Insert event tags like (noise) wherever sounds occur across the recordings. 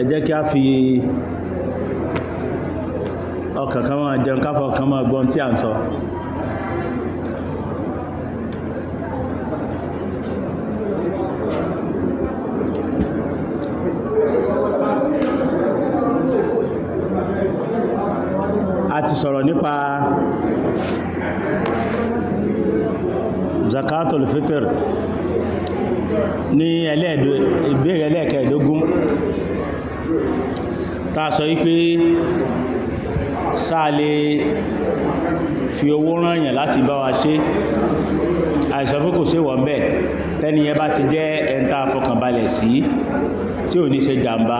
ẹ jẹ́ kí a fi ọkàn kan máa jẹun káfọ́ kan máa gbọ́n tí a ń sọ a ti sọ̀rọ̀ nípa zakatul fitr ní ẹlẹ́ẹ̀dọ́ ìbéèrè ẹlẹ́ẹ̀kẹ́ẹ̀dógún tá a sọ wípé sáà lè fi owó rányàn láti bá wa ṣe àìsàn pé kò sí wọ́n bẹ́ẹ̀ tẹ́niyẹ bá ti jẹ́ ẹ̀ntà fọkànbalẹ̀ sí tí ò ní ṣe jàmbá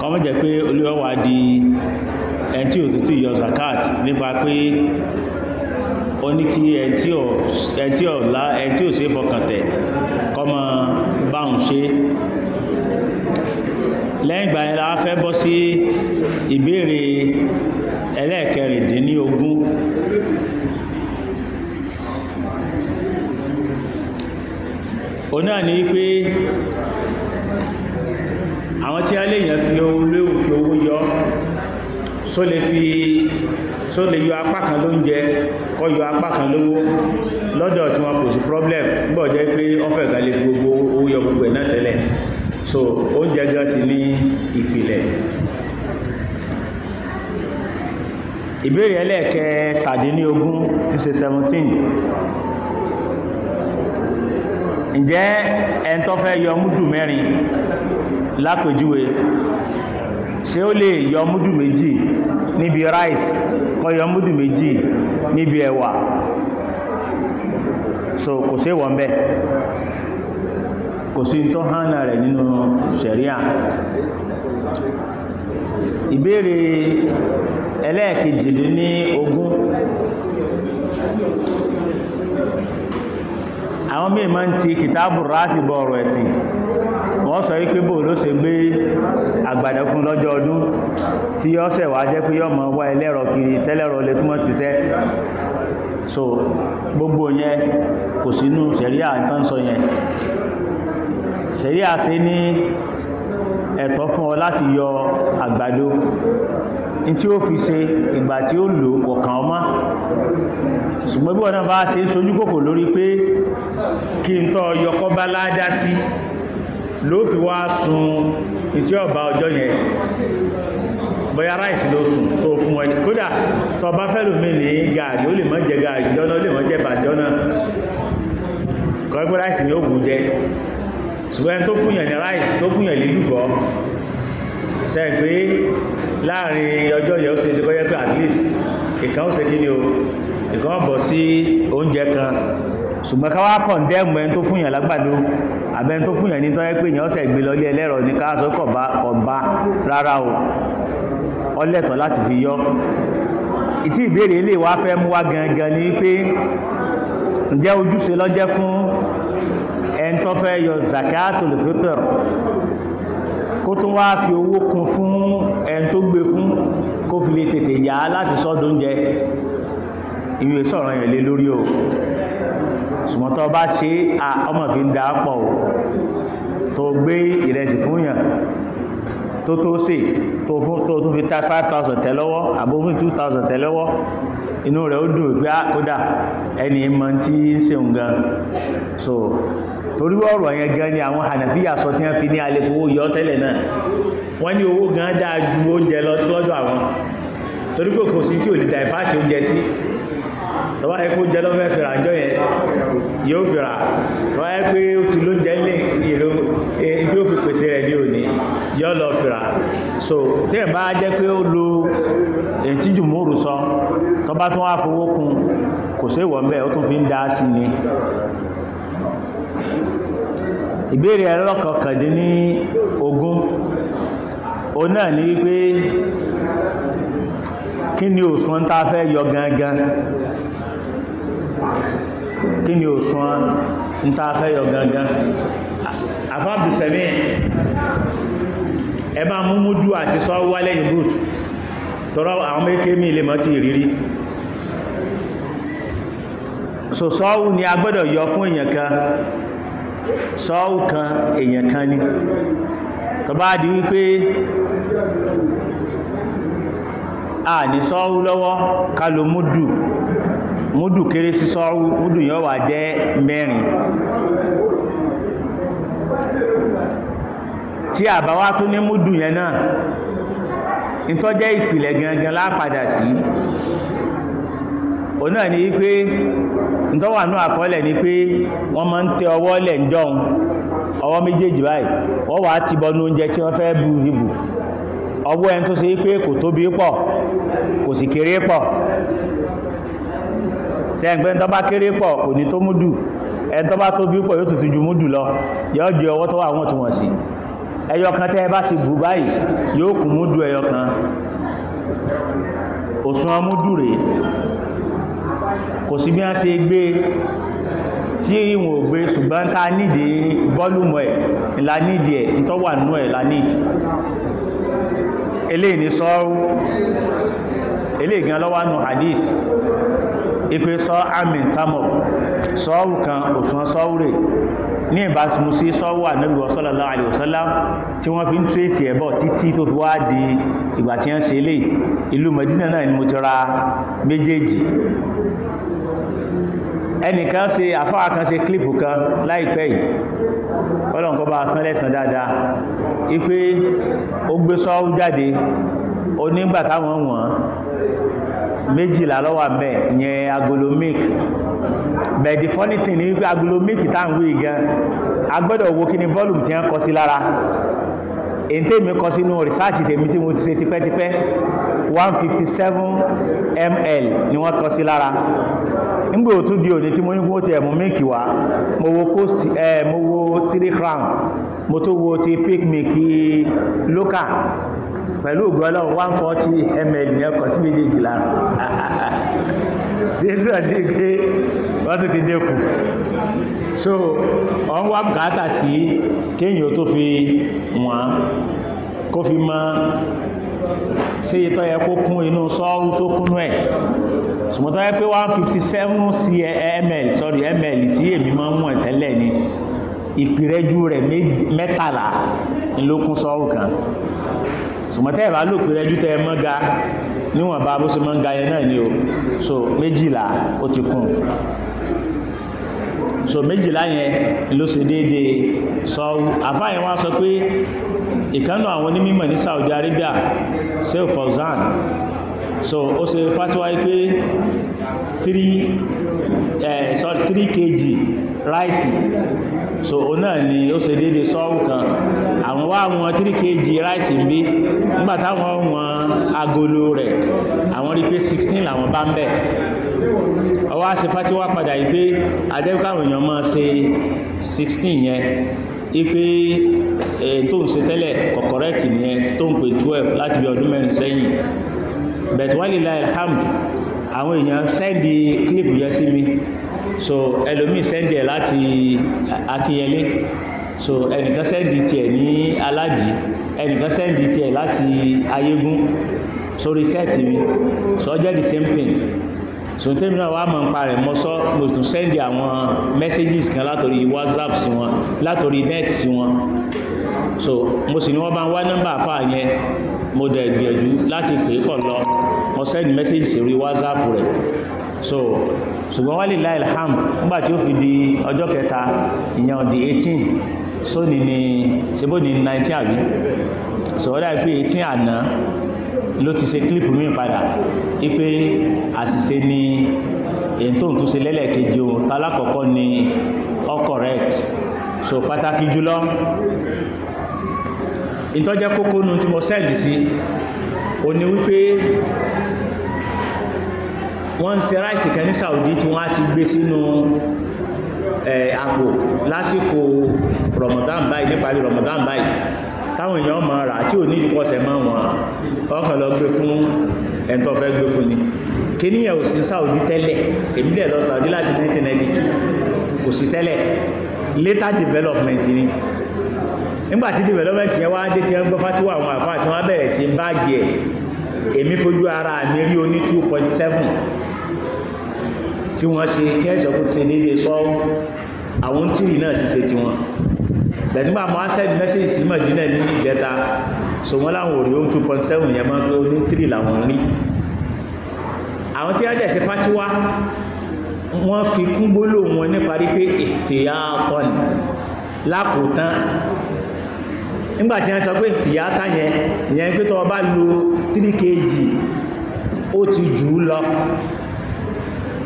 kọmọ́ jẹ́ pé olúwọ́wà di ẹn tí ò tó tí yọ zakat nípa pé ó ní kí ẹn tí ò sí fọkàntẹ̀ kọmọ báhùn ṣe lẹ́yìn ìgbà yẹn la fẹ́ bọ́ sí ìbéèrè ẹlẹ́ẹ̀kẹrìndínlógún o náà ní pé àwọn tí a lè yàn fi olóòwò fi owó yọ só lè fi só lè yọ apá kan lóúnjẹ kọ́ yọ apá kan lówó lọ́dọ̀ tí wọn kò sí problem gbọ́jẹ́ pé ọ́fẹ́ kan lè fi gbogbo owó yọ gbogbo ẹ̀ náà tẹ́lẹ̀ so oúnjẹ gan sí ní ìpìlẹ̀ ìbéèrè ẹlẹ́ẹ̀kẹ́ tàdíní ogún ti ṣe 17 ǹjẹ́ ẹn tó fẹ́ yọ múdù mẹ́rin lápèjúwe ṣé ó lè yọ múdù méjì níbi rice kó yọ múdù méjì níbi ẹ̀wà so kò sí wọ́n bẹ́ẹ̀ kò sí tó hánà rẹ̀ nínú ṣẹ̀ríà ìbéèrè ẹlẹ́ẹ̀kejìdé ní ogún àwọn míì máa ń ti kìtàbù ráàsì bọ ọ̀rọ̀ ẹ̀sìn wọ́n sọ wípé bò ló ṣe gbé àgbàdo fún lọ́jọ́ ọdún tí ó ṣẹ̀ wá jẹ́ pé yọ́ mọ̀ wá ẹlẹ́rọ kiri tẹ́lẹ̀rọ lè túnmọ̀ ṣiṣẹ́ so gbogbo yẹn kò sínú ṣẹ̀ríà tán yẹn ṣẹ̀rí àṣẹ ní ẹ̀tọ́ fún ọ láti yọ àgbàdo in tí ó fi ṣe ìgbà tí ó lò ọ̀kan ọmọ ṣùgbọ́n bí ọ̀nà bá ṣe sojú kòkò lórí pé kí n tọ́ yọkọ́ bá ládá sí ló fi wá sun ìtí ọba ọjọ́ yẹn bóyá ráìsì ló sùn tó fún ẹ kódà tọ bá fẹ́ lómi ní gààrí ó lè mọ́ jẹ gààrí jọ́nà ó lè mọ́ jẹ bàjọ́nà kọ́ ráìsì ni ó gùn jẹ ṣùgbọ́n tó fúnyàn ní rice tó fúnyàn lílùbọ́ ṣe pé láàrin ọjọ́ yẹn ó ṣe ṣe kọ́jẹ́ pé at least ìkan ó ṣe kí ni o ìkan ọ̀bọ̀ sí oúnjẹ kan ṣùgbọ́n ká wá kọ̀ndẹ́mù ẹni tó fúnyàn lágbàdo àbẹ́ni tó fúnyàn ní tọ́yẹ́ pé èèyàn ṣẹ̀ gbé lọ ilé ẹlẹ́rọ ní káàsọ́ kọ̀ọ̀bá rárá o ọlẹ́tọ̀ láti fi yọ ìtí ìbéèrè ilé wa fẹ́ mú wá gangan ni pé ǹjẹ́ ojúṣe lọ́jẹ́ fún ẹn tó fẹ́ yọ zakatul fitr kó tún wá fi owó kún fún ẹn tó gbé fún kó fi lè tètè yá láti sọ́dún jẹ ìwé sọ̀rọ̀ yẹn lé lórí o ṣùgbọ́n tó bá ṣe à ọmọ fi ń dáápọ̀ o tó gbé ìrẹsì fún yàn tó tó sè tó tún fi ta 5,000 tẹ́lọ́wọ́ àbó fún 2,000 tẹ́lọ́wọ́ inú rẹ̀ ó dùn pé ah, kódà ẹni mọ tí ń ṣe nǹkan so torí ọ̀rọ̀ yẹn gan ni àwọn hànàfíyà sọ tí wọ́n fi ní alẹ́ fowó yọ tẹ́lẹ̀ náà wọ́n ní owó gan dáa ju oúnjẹ lọ́dọ̀ àwọn torí pé kò sí tí ò lè dà ìfáàtì oúnjẹ sí tọ́wá ẹkú jẹ́ lọ́fẹ́ fẹ́ra àjọ yẹn yóò fẹ́ra tọ́wá ẹ pé ó ti ló jẹ́ lè èrò tí ó fi pèsè rẹ̀ ní òní yọ́ lọ fẹ́ra so tí ẹ̀ bá jẹ́ pé ó lo ètí jùmúrù sọ tọ́bá tún wá fowó kún kò sí ìwọ̀n bẹ́ẹ̀ ó tún fi ń dá sí ni ìbéèrè ẹlọ́kọ̀ọ́kàndín ní ogún o náà ní wípé kí ni òsùn tá fẹ́ yọ gangan kí ni òsùn tá fẹ́ yọ gangan àfáàbù sẹ̀mí ẹ bá mú múdú àti sọ wá lẹ́yìn boot tọ́rọ àwọn mẹ́kẹ́ mi lè mọ́ ti ìrírí sọ̀sọ́wù ni agbọ́dọ̀ yọ fún èèyàn sọ́ọ̀ kan èèyàn kan ni tó bá di wípé a ní sọ́ọ̀ lọ́wọ́ ká lo múdù múdù kéré sí sọ́ọ̀ múdù yóò wà jẹ́ mẹ́rin tí àbáwá tó ní múdù yẹn náà nítọ́jẹ́ ìpìlẹ̀ gangan lápadà sí òun náà ni wípé ntọ́wà náà àkọọ́lẹ̀ ni pé wọ́n máa ń tẹ ọwọ́ lẹ̀ ń jọun ọwọ́ méjèèjì báyìí wọ́n wàá ti bọnú oúnjẹ tí wọ́n fẹ́ bu ibù ọwọ́ ẹni tó ṣe wípé kò tóbi pọ̀ kò sì kéré pọ̀ sẹ́ǹgbẹ́ ń tọ́bá kéré pọ̀ kò ní tó múdù ẹni tọ́bá tóbi pọ̀ yóò tutù ju múdù lọ yóò jẹ ọwọ́ tó wà wọ́n tó wọ̀n sí ẹyọ kan tẹ́ ẹ bá sì bù báyìí yóò kù múdù ẹyọ kan òsùn ọmúdù rèé kò sí bí a ṣe gbé tí ìwọ̀n ò gbé ṣùgbọ́n ta nídi volume ẹ̀ ìlà nídi ẹ̀ tó wà nú ẹ̀ ìlà nídi eléyìí ni sọ́rú eléyìí gan lọ́wọ́ nù hadith ipe sọ́ àmì tamọ̀ sọ́rù kan òṣùwọ̀n sọ́rù ní ìbáṣmú sí sọ́wọ́ ànábì sallallahu alaihi wasallam tí wọ́n fi ń tírèsì ẹ̀bọ̀ títí tó fi wá di ìgbà tí wọ́n ṣe lè ìlú Mẹdínà náà ni mo ti ra méjèèjì ẹnìkan ṣe àfáà kan ṣe klípù kan láìpẹ́ yìí ọlọ́nkọ́ bá san lẹ́san dáadáa ipé ó gbé sọ́ọ́ jáde onígbà táwọn wọ̀n méjìlá ló wà bẹ́ẹ̀ yẹn agolo milk but the funny thing ni wípé agolo milk tá ń wí gan a gbọ́dọ̀ wo kí ni volume ti ń kọ sí lára èyí tèmi kọ sínú research tèmi tí mo ti ṣe tipẹ́tipẹ́ 157 ml ni wọ́n kọ sí lára nígbà ó tún di òní tí mo ní kó ti ẹ̀mú milk wá mo wo coast eh, mo wo three crown mo tó wo ti pick me kí local pẹ̀lú ògùn ọlọ́run one forty ml ní ọkọ̀ sí méjèèjì lára nítorí ọdún pé wọ́n tún ti dẹ́kù so ọ̀n wá bùkátà sí kéèyàn tó fi wọ́n kó fi mọ́ ṣe ìtọ́ yẹ kó kún inú sọ́ọ́rù tó kúnú ẹ̀ ṣùgbọ́n pé one fifty ml sorry ml tí èmi máa ń mú ẹ̀ tẹ́lẹ̀ ni ìpìrẹ́jú rẹ̀ mẹ́tàlá ló kún kan ṣùgbọ́n tẹ́ ẹ̀ bá lò pé ẹjú tẹ́ ẹ mọ́ ga níwọ̀n bá bó ṣe mọ́ ga yẹn náà ni o so méjìlá ó ti kún so méjìlá yẹn ló ṣe déédéé sọ àfáà yẹn wá sọ pé ìkánú àwọn onímọ̀ ní Saudi Arabia sef Fauzan so ó ṣe fatiwa pé three, eh, sorry three kg ráìsì so òun náà ni ó ṣe déédé sọ́ọ̀wù kan àwọn wá wọn 3 kg ráìsì ń bí nígbà táwọn wọn agolo rẹ̀ àwọn rí pé 16 làwọn bá ń bẹ̀ ọwọ́ àṣẹ fatiwa padà yìí pé adẹ́kàwọn èèyàn máa ṣe 16 yẹn ipe tó ń ṣe tẹ́lẹ̀ kọ̀kọ̀rẹ́tì yẹn tó ń pè 12 láti bí ọdún mẹ́rin sẹ́yìn bẹ̀tùwálìlá ilhamd àwọn èèyàn sẹ́ndì clip yẹn sí mi so ẹlòmí sẹ́ndì ẹ̀ láti akínyẹlé so ẹnìkan sẹ́ndì ti ẹ̀ ní alájì ẹnìkan sẹ́ndì ti ẹ̀ láti ayégún sórí sẹ́ẹ̀tì mi so ọjọ́ the same thing so tẹ́mi náà wá mọ̀ ń pa rẹ̀ mọ́ sọ́ mo tún sẹ́ndì àwọn messages kan látòrí whatsapp sí wọn látòrí net sí wọn so mo sì ní wọ́n bá ń wá nọ́mbà àfáà yẹn mo dẹ̀ gbìyànjú láti pè é kọ̀ lọ mo sẹ́ndì message sí orí whatsapp rẹ̀ so ṣùgbọ́n wálé láì ham nígbà tí ó fi di ọjọ́ kẹta ìyẹn di 18 so ní ni ṣebó ní 19 àbí so ó dáa pé 18 àná ló ti ṣe clip mi padà wípé àṣìṣe ni èyí tó ń tún ṣe lẹ́lẹ̀kejì o tálákọ̀ọ́kọ́ ni all correct so pàtàkì jùlọ ìtọ́jẹ́ kókó nu tí mo sẹ́ẹ̀dì sí o ní wípé wọ́n ń ṣe ráìsì kan ní Saudi tí wọ́n á ti gbé sínú àpò lásìkò Ramadan báyìí níparí Ramadan báyìí táwọn èèyàn máa rà tí ò ní ìdíkọ́sẹ̀ máa wọn ọkàn lọ gbé fún ẹ̀ntọ́ fẹ́ gbé fún ni kí ní ẹ̀wò sí Saudi tẹ́lẹ̀ èmi lọ Saudi láti 1992 kò sí tẹ́lẹ̀ later development ni nígbàtí development yẹn wá dé tí wọ́n gbọ́ fátíwà àwọn àfáà tí wọ́n bẹ̀rẹ̀ sí báàgì ẹ̀ èmi fojú ara mi rí oní 2.7 tí wọ́n ṣe tí ẹ̀ṣọ́ kó ṣe dédé sọ́ọ́ àwọn tíì náà sì ṣe ti wọn bẹ̀tígbà mọ́ send message sí Mọ̀dínà ní ìjẹta so wọ́n láwọn òrí ohun 2.7 yẹn máa gbé oní 3 làwọn rí àwọn tí wọ́n dẹ̀ ṣe fátíwá wọ́n fi kún gbólò wọn níparí pé ètìyà kọ́ni lákòótán nígbàtí wọ́n sọ pé ètìyà tányẹn ìyẹn pé tó bá lo 3 kg ó ti jù ú lọ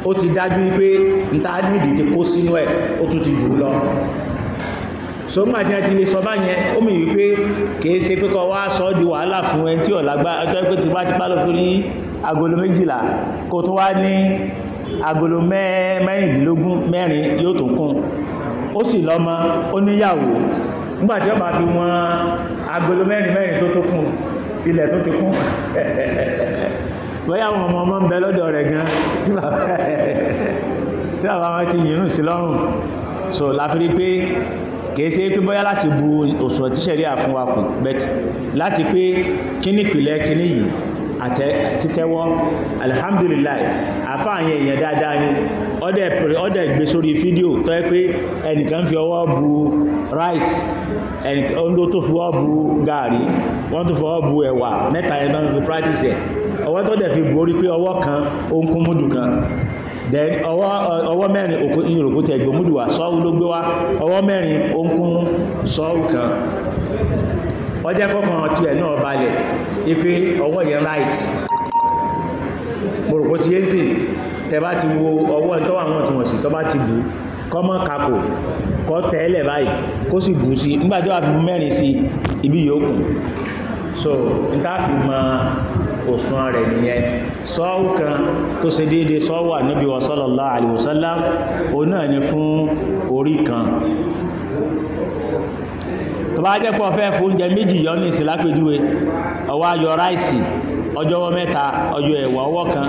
ó ti dájú wípé níta nídìí ti kó sínú ẹ̀ ó tún ti jù ú lọ so nígbà tí wọ́n ti lè sọ bá yẹn ó mì wípé kìí ṣe pé kó wá sọ ọ́ di wàhálà fún ẹni tí ọ̀làgbá ọjọ́ pé tí bá ti bá lọ fún ní agolo méjìlá kó tó wá ní agolo mẹ́rìndínlógún mẹ́rin yóò tó kún ó sì lọ́mọ ó níyàwó nígbà tí ó bá fi wọn agolo mẹ́rin mẹ́rin tó tó kún ilẹ̀ tó ti kún (laughs) bóyá àwọn ọmọ ọmọ ń bẹ lọ́dọ̀ rẹ̀ gan tí bàbá wọn ti yìnrún sí lọ́rùn so láfiri pé kìí ṣe pé bóyá láti bu òṣùwọ̀n tí ṣẹ̀rí àfún wa kù bẹ́ẹ̀ láti pé kí ní ìpìlẹ̀ kí ní yìí àtẹ́tẹ́wọ́ alhamdulillah àfáàyẹ èèyàn dáadáa ni ọdẹ̀ gbé sórí fídíò tó yẹ pé ẹnìkan fi ọwọ́ bu rice ẹnìkan tó fi ọwọ́ bu gààrí wọ́n tó fi ọwọ́ bu ẹ̀wà mẹ́ta ẹ̀nà fi practice ẹ̀ ọwọ́ tó dẹ̀ fi borí pé ọwọ́ kan ó ń kún múdù kan then ọwọ́ mẹ́rin ìròkú tẹ̀ gbò múdù wá sọ́wọ́ ló gbé wá ọwọ́ mẹ́rin ó ń kún sọ́wọ́ kan ọjẹ́ kọ́kàn tí ẹ̀ náà balẹ̀ ipé ọwọ́ yẹn right mọ̀rùkú ti yé sí tẹbá ti wo ọwọ́ tó wà wọ́n tí wọ́n sí tó bá ti bù kọ́mọ́ kakò kọ́ tẹ́ẹ̀lẹ̀ báyìí kó sì bù sí nígbàjọ́ àfi mẹ́rin sí ibi yòókù so n táàfi mọ òsùn rẹ̀ nìyẹn sọ́ọ̀wù kan tó ṣe déédé sọ́ọ̀wù ànábì wa sallallahu alaihi wasallam náà ni fún orí kan tó bá jẹ́ pọ̀ fún oúnjẹ méjì yọ ní ìsìn lápèjúwe ọwọ́ ayọ̀ ráìsì ọjọ́wọ́ mẹ́ta ọyọ ẹ̀wà ọwọ́ kan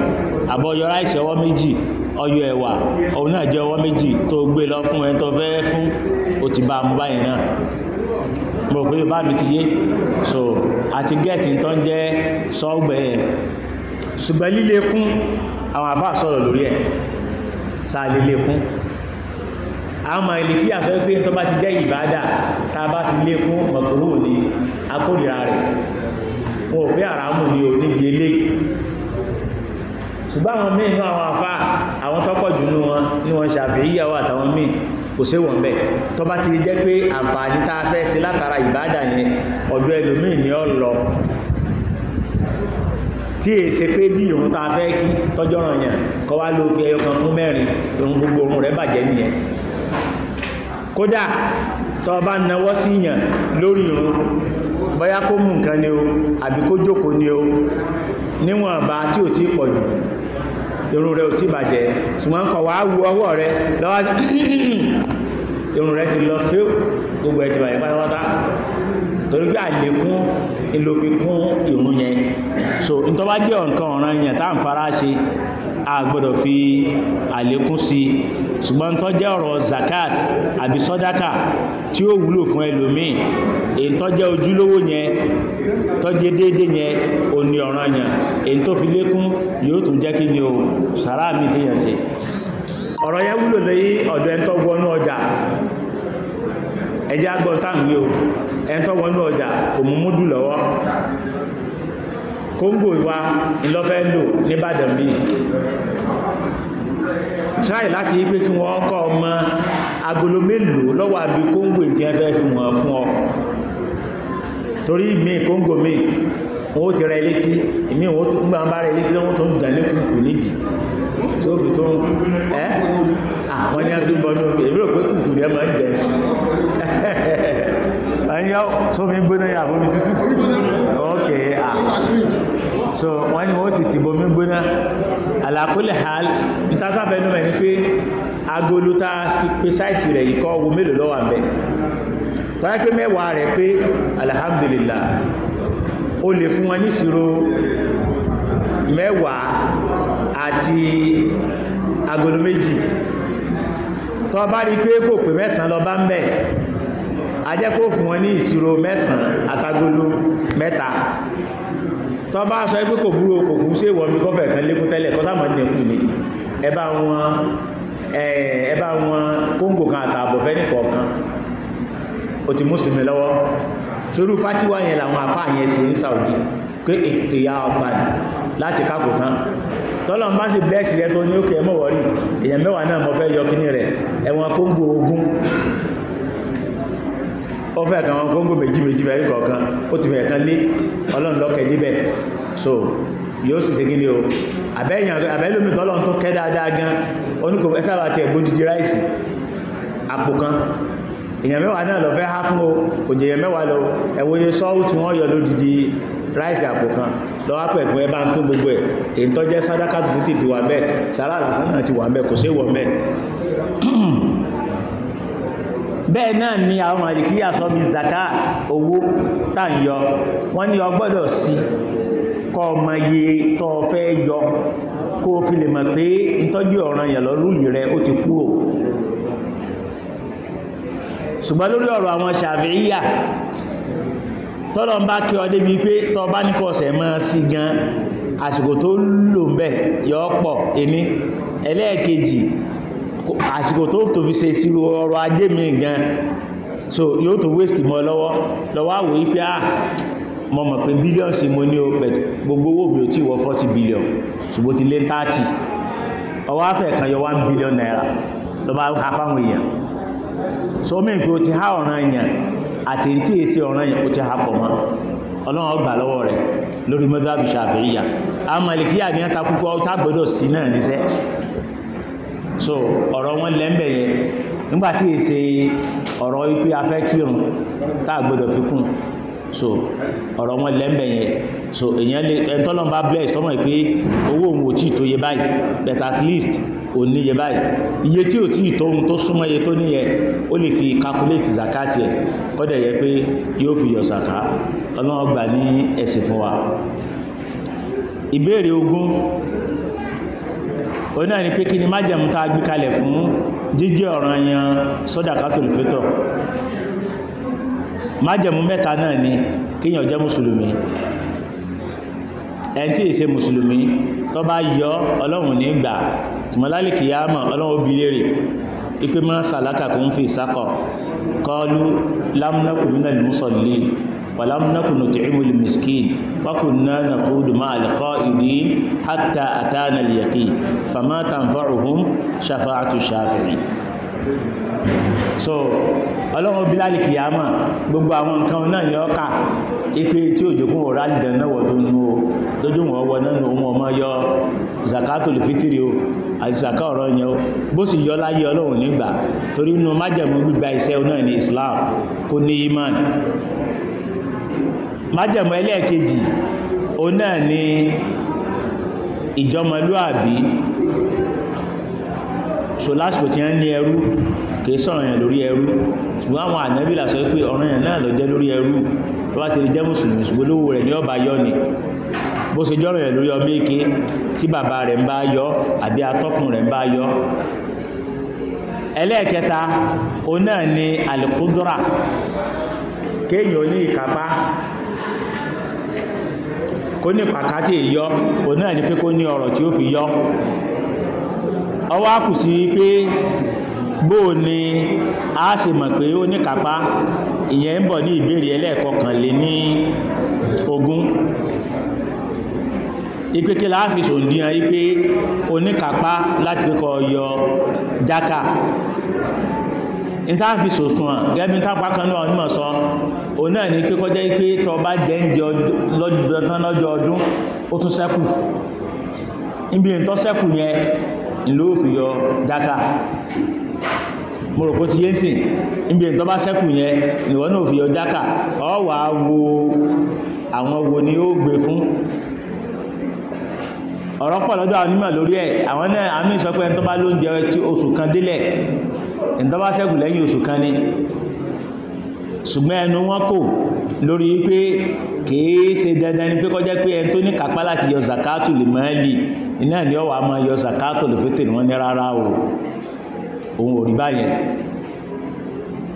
àbọ̀ ọyọ ráìsì ọwọ́ méjì ọyọ ẹ̀wà òun náà jẹ́ ọwọ́ méjì tó gbé lọ fún ẹni tó fẹ́ fún òtìbàmù náà mo pé bá mi ti yé so àti gẹ́ẹ̀tì tó ń jẹ́ sọ́ọ̀gbẹ̀ yẹn ṣùgbọ́n líle kún àwọn àbá sọ̀rọ̀ lórí ẹ̀ sáà líle kún àmà ilé kí àṣọ pé tó bá ti jẹ́ ìbádà tá bá fi lé kún mọ̀kúrú ní akórìíra rẹ̀ wọn ò pé àràmù ní o ilé ṣùgbọ́n àwọn míì náà àwọn afá àwọn tọ́pọ̀ jù ní wọn ní wọn ṣàfihàn àtàwọn míì kò séwọ̀n bẹ̀ tó bá ti jẹ́ pé àǹfààní tá a fẹ́ ṣe látara ìbádà yẹn ọ̀dọ̀ ẹlòmíì ni ọ lọ tí è ṣe pé bí òun tá a fẹ́ kí tọ́jọ́ràn yẹn kọ́ wá ló fi ẹyọ kan fún mẹ́rin òun gbogbo òun rẹ̀ bàjẹ́ nìyẹn kódà tó bá sí yàn lórí òun, bóyá kó mú nǹkan ni o àbí kó jókòó ni o níwọ̀n tí ò tí pọ̀ jù irun rẹ̀ ò tí bàjẹ́ ṣùgbọ́n kọ̀ wá wu ọwọ́ rẹ̀ lọ́wọ́ (clears throat) irun rẹ̀ ti lọ fíó gbogbo ẹ̀ ti bàjẹ́ pátápátá torí pé àlékún ìlò fi kún irun yẹn so n tó bá jẹ́ nǹkan ọ̀ràn yẹn tá ń fara ṣe a gbọ́dọ̀ fi àlékún sí ṣùgbọ́n tó jẹ́ ọ̀rọ̀ zakat àbí sọ́dáka tí ó wúlò fún ẹlòmíì èyí tó jẹ́ ojúlówó yẹn tó jẹ́ déédé yẹn ò ní ọ̀ràn yẹn èyí tó fi lékún yóò tún jẹ́ kí ni o sàrá mi ti yàn sí ọ̀rọ̀ yẹn wúlò lẹ́yìn ọ̀dọ̀ ẹni tó wọnú ọjà ẹjẹ́ agbọ́n táǹgbé o ẹni tó wọnú ọjà kò mú múdù lọ́wọ́ kóńgò wa ńlọ́fẹ́ lò níbàdàn bíi try láti wípé kí wọ́n kọ́ ọmọ agolo mélòó lọ́wọ́ àbí kóńgò tí wọ́n fẹ́ fi wọ́n fún ọ torí mi kóńgò mi wọ́n ó ti rẹ létí èmi wọ́n tó gbà ń bá rẹ létí wọ́n tó ń dàn ní kùkù níjì tí ó fi tó ń ẹ́ àwọn ni a fi bọ́nú èmi pé kùkù ni máa ń jẹ (laughs) ẹ̀yìn sómi gbóná yà fún mi tútù so wọ́n ni wọ́n ti ti bomi gbóná àlàkólẹ̀ hal ní tásáfẹ́ inú mẹ́ni pé agolo tá a fi pé sáìsì rẹ̀ yìí kọ́ wo mélòó lọ́wọ́ àbẹ̀ tọ́lá pé mẹ́wàá rẹ̀ pé alhamdulillah o lè fún wọn níṣirò mẹ́wàá àti agolo méjì tọ́ bá rí pé kò pé mẹ́sàn lọ bá ń bẹ̀ a kó fún wọn ní ìṣirò mẹ́sàn àtagolo mẹ́ta tọ́ bá sọ pé kò búrò kò kú sí ìwọ̀n mi kọ́fẹ̀ kan lékún tẹ́lẹ̀ kọ́ sáàmọ̀ dẹ̀kù ní ẹbá wọn ẹbá wọn kóńgò kan àtààbọ̀ fẹ́ ní kọ̀ọ̀kan ó ti mùsùlùmí lọ́wọ́ torú fátíwá yẹn làwọn àfáà yẹn sí ní Saudi pé ètò ya ọgbà láti kákò tán tọ́lọ̀ ń bá sì blẹ́ẹ̀sì rẹ tó ní òkè ẹmọ̀wọ̀rí èèyàn mẹ́wàá náà mọ̀ fẹ́ yọ kíní rẹ̀ ẹ̀wọ̀n kóńgò ogún ó fẹ́ góngó méjì méjì kọ̀ọ̀kan ó ti fẹ́ kan lé ọlọ́run níbẹ̀ so yóò sì ṣe gíní o àbẹ́lómi tọ́lọ́run tó kẹ́ dáadáa gan oníkò ẹsàbà ti ẹ̀gbó ráìsì àpò kan èèyàn mẹ́wàá náà lọ há fún o kò jẹyẹ mẹ́wàá lọ ẹ̀wòye sọ́ọ́ tí wọ́n yọ lódìdí ráìsì àpò kan lọ́wọ́ ẹ bá ń pín gbogbo ẹ̀ èyí tọ́jẹ́ bẹ́ẹ̀ náà ni àwọn màlìkíyà sọ bí zakat owó tàyọ wọ́n ní ọgbọ́dọ̀ sí kọ ọmọ iye tọ́ fẹ́ yọ kó fi lè mọ̀ pé ìtọ́jú ọ̀ràn yẹ̀ lọ́lúyìí rẹ ó ti kúrò ṣùgbọ́n lórí ọ̀rọ̀ àwọn ṣàfihíyà tọ́lọ ń bá kí ọ débi pé tọ bá ní kọ̀ọ̀sẹ̀ mọ́ sí gan àsìkò tó lò ń bẹ̀ yọ pọ̀ èmi ẹlẹ́ẹ̀kejì àsìkò tó tó fi ṣe ìṣirò ọrọ̀ ajé mi gan so yóò tó waste mọ́ lọ́wọ́ lọ́wọ́ àwò yí pé à ah, mọ́ mọ̀ pé billion sí mo ní o pẹ̀t gbogbo owó mi ò tí wọ 40 billion ṣùgbọ́n ti lé 30 ọwọ́ afẹ́ kan yọ 1 billion naira lọ́ba afáwọn èèyàn so mí pé o ti há ọ̀ràn èèyàn àti tí èsì ọ̀ràn èèyàn o ti há pọ̀ mọ́ ọlọ́run ọgbà lọ́wọ́ rẹ̀ lórí mọ́tò àbíṣà àfẹ́yà àwọn mọ̀lẹ́kíyà ní ẹ̀ takú pé ọ so ọ̀rọ̀ wọn lẹ́m̀bẹ̀ yẹn nígbàtí èsè ọ̀rọ̀ ipé afẹ́ kírun tá a gbọ́dọ̀ so ọ̀rọ̀ wọn lẹ́m̀bẹ̀ yẹn so èyàn lè ẹ̀ntọ́lọ́n bá bless tọ́mọ̀ pé owó òun ò tí tó yẹ báyìí but at least ò ní yẹ báyìí iye tí ò tí tó ohun tó súnmọ́ iye tó níyẹ ó lè fi calculate zakat ẹ̀ kọ́dẹ̀ yẹ pé yóò fi yọ zaka ọlọ́run gbà ní ẹ̀sìn fún wa ìbéèrè ogún òun náà ni pé kí ni májẹ̀mú tá a gbé kalẹ̀ fún jíjẹ́ ọ̀ranyàn sọ́dàkátòl fẹ́tọ̀ májẹ̀mú mẹ́ta náà ni kíyàn jẹ́ mùsùlùmí ẹni tí ìṣe mùsùlùmí tó bá yọ ọlọ́run ní gbà tùmọ̀lálì kìyàmọ̀ ọlọ́run bí lérè ipé mọ́ sàlákà kún fi ìsákọ̀ kọlu lámúnákùnrin náà ni mùsọ̀lì walam nakun nut'imu al-miskin wa kunna nakhudu ma'a al-kha'idin hatta atana al-yaqin fama tanfa'uhum shafa'atu shafi'in so ọlọ́run bí láì kìyàmà gbogbo àwọn nǹkan náà yọ ọ́kà ipe tí òjòkún ọ̀rá ìdàn náà wọ̀ tó nú o lójú wọn wọ nánú ohun ọmọ yọ zakatul fitiri o àti zaka ọ̀rọ̀ yẹn o bó sì yọ láyé ọlọ́run nígbà torí inú májẹ̀mú gbígba iṣẹ́ náà ní Islam kó ní iman májẹ̀mọ́ ẹlẹ́ẹ̀kejì o náà ni ìjọmọlúàbí so lásìkò tí wọ́n ní ẹrú kìí sọ̀rọ̀ yẹn lórí ẹrú ṣùgbọ́n àwọn ànábì là sọ pé ọ̀rọ̀ yẹn náà lọ jẹ́ lórí ẹrú tó bá ti lè jẹ́ mùsùlùmí ṣùgbọ́n lówó rẹ̀ ní ọba yọ ni bó ṣe jọ́rọ̀ yẹn lórí ọmọ èké tí bàbá rẹ̀ ń bá yọ àbí atọ́kùn rẹ̀ ń bá yọ ẹlẹ́ẹ̀kẹta o náà ni alikudura kéèyàn ní ìkápá kó ní pàkátì èyọ òun náà ni pé kó ní ọ̀rọ̀ tí ó fi yọ ọwọ́ àkù sí pé bóò ni a sì mọ̀ pé ó ní kápá ìyẹn ń bọ̀ ní ìbéèrè ẹlẹ́ẹ̀kọkànlé ní ogún ìpékè láàfin sòǹdíyàn ipé oníkàpá láti pẹ́kọ̀ yọ jákà ìtàfisòsùn gẹ́bí tápá kan náà onímọ̀ sọ o náà ni pé kọjá pé tọ bá jẹ ń jẹ lọ́dọọdún lọ́jọ́ ọdún ó tún sẹ́kù níbi ìtọ́ sẹ́kù yẹn ìlú òfì yọ dáka mo rò kó ti yé sìn níbi wo àwọn wo ni ó gbé fún ọ̀rọ̀ pọ̀ lọ́dọ̀ àwọn onímọ̀ lórí ẹ̀ àwọn náà àmì kan délẹ̀ bá sẹ́kù kan ni ṣùgbọ́n ẹnu wọn kò lórí pé kìí ṣe dandan ni pé kọ́ jẹ́ pé ẹni tó ní kápá láti yọ zakatu lè máa lì iná ni ọwà máa yọ zakatu lè fẹ́tẹ̀ wọn ní rárá o òun ò rí báyẹn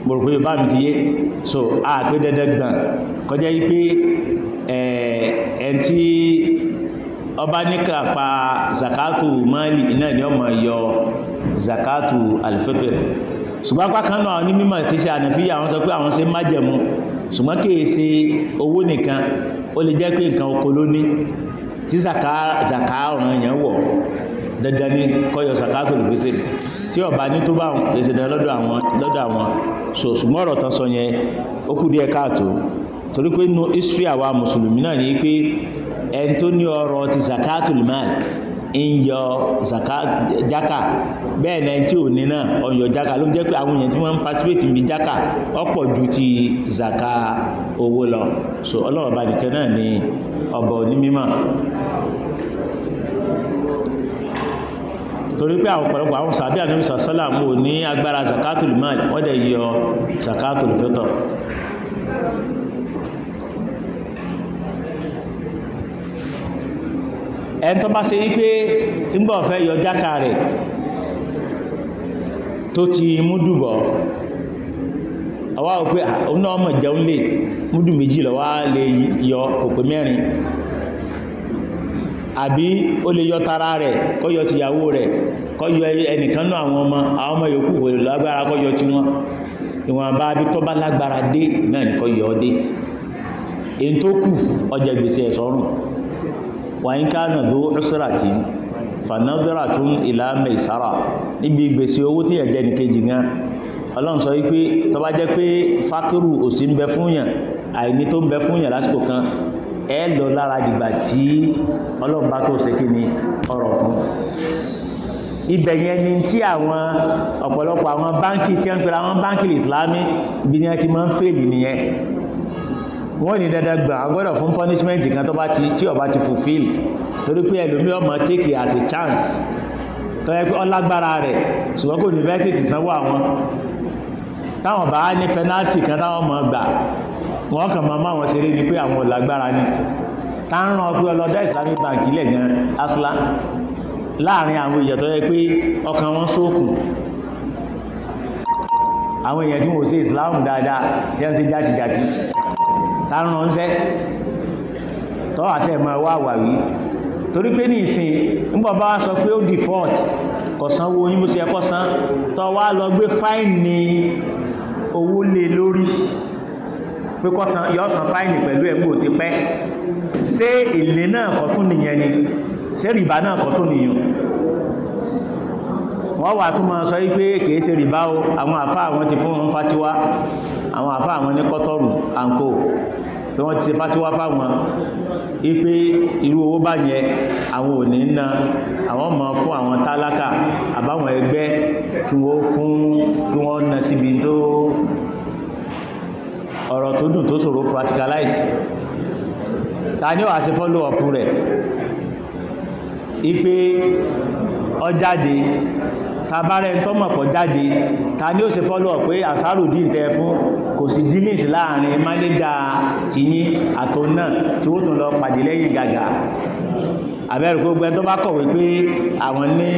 gbogbo yóò ti yé so a pé dandan gbọ̀n kọ́ jẹ́ pé ẹni tí ọba ní kápá zakatu máa lì iná ni ọmọ yọ zakatu alifẹ́tẹ̀ ṣùgbọ́n apá kan náà àwọn onímọ̀ ti ṣe ànàfíyà àwọn sọ pé àwọn ṣe májẹ̀mú ṣùgbọ́n kìí ṣe owó nìkan ó lè jẹ́ pé nǹkan oko ló ní tí zaka ọ̀ràn èèyàn wọ̀ dandan ní kọyọ zaka tó lè fèsè tí ọba ní tó bá èsè dandan lọ́dọ̀ àwọn lọ́dọ̀ àwọn so ṣùgbọ́n ọ̀rọ̀ tán sọ yẹn ó kù díẹ̀ káàtó torí pé inú history àwa mùsùlùmí náà ní pé ẹni tó ní ọrọ̀ ti zakatul mal ń yọ zaka jákà bẹ́ẹ̀ ni tí ò ní náà ó ń yọ jákà pé àwọn èèyàn tí ń ju ti zaka owó lọ so ọlọ́run ọba nìkan náà ni ọba torí pé àwọn ọ̀pọ̀lọpọ̀ àwọn sàbí àti ìsọ̀sọ́là mo ní agbára zakatul mal wọ́n dẹ̀ yọ zakatul ẹni tó bá se wípé nígbà ọ̀fẹ́ yọ jáka rẹ̀ tó ti múdùbọ̀ àwa ò pé òun náà lè múdù méjì lọ wá lè yọ mẹ́rin àbí ó tara rẹ̀ kó yọ tìyàwó rẹ̀ kó yọ ẹnìkan náà àwọn ọmọ àwọn ọmọ yòókù kò lágbára kó yọ tiwọn ìwọ̀n bá bí lagbara bá lágbára dé náà yọ ọ dé èyí tó kù ọjà wàyín kánà ló ọ́sọ́rà tí fanadara tún ìlà maisara níbi gbèsè owó tí ẹ̀jẹ̀ ní kejì gan ọlọ́run sọ wípé tó bá jẹ́ pé fákírù òsì ń bẹ fún yàn àìní tó ń bẹ fún yàn lásìkò kan ẹ lọ lára dìgbà tí ọlọ́run bá tó ṣe ni ọrọ̀ fún ibẹ̀ yẹn ni tí àwọn ọ̀pọ̀lọpọ̀ àwọn báńkì tí wọ́n ń pera àwọn báńkì ìsìlámì bí ni wọ́n ti máa ń fèlì nìyẹn wọ́n ní dandan gbà á gbọ́dọ̀ fún punishment kan tó bá ti tí ọba ti fulfill torí pé ẹlòmí ọmọ take it as a chance tó yẹ pé ọlágbára rẹ̀ ṣùgbọ́n kò ní fẹ́ tètè sanwó àwọn táwọn bá ní penalty kan táwọn mọ̀ gbà wọ́n kàn máa máwọn ṣeré ni pé àwọn ọ̀lágbára ni tá ń ràn pé ọlọ́dá Islamic Bank ilẹ̀ gan asla láàrin àwọn èèyàn tó yẹ pé ọkàn wọn sókùn àwọn èèyàn tí wọn ò ṣe Islam dáadáa jẹ́ ń ṣe jáde jáde tàránṣẹ́ tọ́ àṣẹ mọ́ wà wàwí torí pé ní ìsìn nígbà sọ pé ó default kọ̀sán owó yín bó ṣe ẹ̀kọ́ tọ́ wá lọ gbé fáìnì owó lé lórí pé kọ́sán fáìnì pẹ̀lú ti pẹ́ ṣé èlé náà kọ́ tún ni ṣé rìbá náà kọ́ tún nìyẹn wọ́n wà tún ma sọ wípé kìí ṣe rìbá o àwọn àfá àwọn àwọn àfá àwọn ní kọ́tọ́rù àǹkò tí wọ́n ti ṣe fátíwá fáwọn ipé irú owó bá yẹ àwọn ò ní ná àwọn máa fún àwọn tálákà àbáwọn ẹgbẹ́ kí wọ́n fún kí wọ́n ná síbi tó ọ̀rọ̀ tó dùn tó ṣòro practicalize ta ní wà sí follow up rẹ̀ ipé ọjáde tàbárẹ̀ tọ́mọ̀pọ̀ jáde ta ní ó ṣe fọ́lọ̀ pé àsárù dín tẹ fún kò sí dealings láàrin mánéjà tìyín àtò náà tí ó tún lọ pàdé lẹ́yìn gàgà àbẹ́rù gbogbo ẹ tó bá kọ̀wé pé àwọn ní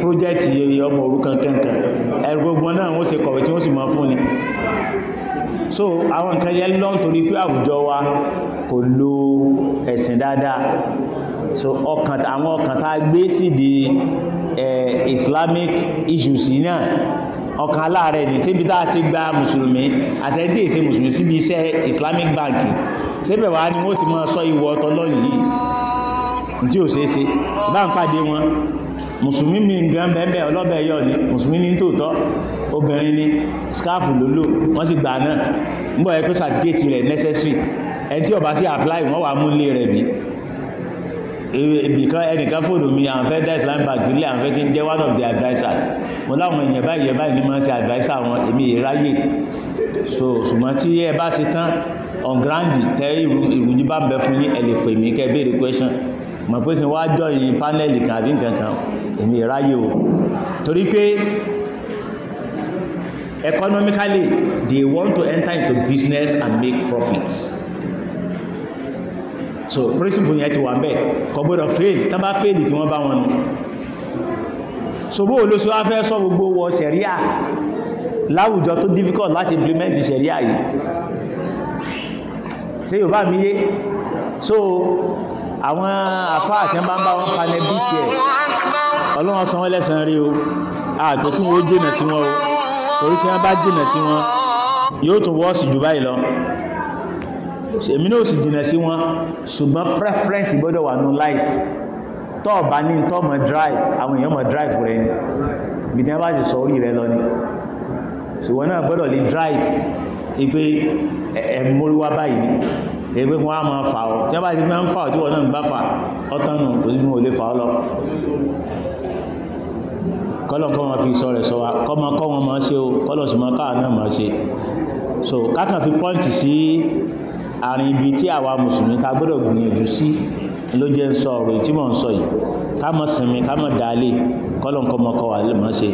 project ọmọ òrukàn kẹ̀kẹ̀ ẹ̀rù gbogbo náà wọ́n ṣe kọ̀wé tí wọ́n sì mọ́ fún ni so àwọn nǹkan yẹ lọ́n torí pé àwùjọ wa kò lo ẹ̀sìn dáadáa so ọkàn àwọn ọkàn tá a gbé sídìí Eh, islamic issues náà ọkàn aláàrẹ̀ ní síbi tá ti gba mùsùlùmí àtẹ́tí èsè mùsùlùmí síbi iṣẹ́ islamic bank síbẹ̀ wá ní wọ́n ti máa sọ ìwọ ọ̀tọ́lọ́yìn yìí tí ò ṣeé ṣe bá ń pàdé wọn mùsùlùmí mi gan bẹ́ẹ̀bẹ́ ọlọ́bẹ̀ yọ ni mùsùlùmí ní tòótọ́ obìnrin ni skáàfù lólò wọ́n sì gbà náà ń bọ̀ ẹ pé sàtífíkẹ́tì rẹ̀ necessary ẹni tí ó bá apply wọ́n wà mú lé rẹ̀ bí ibìkan ẹnìkan fóònù mi à ń fẹ́ dá Islam bank ilé à ń fẹ́ kí n jẹ́ one of the advisers mo láwọn èèyàn báyìí ẹ̀ báyìí ni máa ń ṣe adviser àwọn èmi ìráyè so ṣùgbọ́n tí ẹ bá ṣe tán on ground tẹ ìrújú bá ń bẹ fún yín ẹ lè pè mí kẹ béèrè question mọ̀ pé kí n wá jọyìn pánẹ́lì kan àbí nǹkan kan èmi ìráyè o torí pé economically they want to enter into business and make profits so principle yẹn ti wà ń bẹ̀ kò fail tá bá fail tí wọ́n bá wọn nù so bó olóso wá fẹ́ sọ gbogbo wọ ṣẹ̀ríà láwùjọ tó difficult láti implement ṣẹ̀ríà yìí Se yóò bá mi yé so àwọn afá àti ẹ̀ bá ń bá wọn panẹ́ bí tiẹ̀ ọlọ́run sanwó lẹ́sàn-án rí o àgbẹ̀kún wo jìnà sí wọn o torí tí wọ́n bá jìnà sí wọn yóò tún wọ́ọ̀sì jù báyìí lọ èmi náà sì jìnà sí wọn ṣùgbọ́n preference gbọ́dọ̀ wà nú life tọ́ ọ̀bá ní tọ́ mọ̀ drive àwọn èèyàn mọ̀ drive rẹ ni ibi tí wọ́n bá sì sọ orí rẹ lọ ni ṣùgbọ́n náà gbọ́dọ̀ lè drive ìpé ẹ̀mọ́ríwá báyìí ẹgbẹ́ fún àmà fà ọ́ tí a bá ti gbá ń fà ọ́ tí wọ́n náà ń bá fà ọ́tánù kò sí mú olè fà ọ́ lọ kọ́lọ̀ kọ́ wọn fi sọ rẹ̀ sọ wa kọ́mọ kọ́ wọn máa ṣe o kọ́lọ̀ sì máa káà náà máa ṣe so kákan fi pọ́ǹtì sí àrin ibi tí àwa mùsùlùmí ta gbọ́dọ̀ gbìyànjú sí ló jẹ́ ń sọ ọ̀rọ̀ tí mò ń sọ yìí ká mọ̀ sinmi ká mọ̀ dálé kọ́lọ̀nkọ́mọkọ wà lè mọ́ ṣe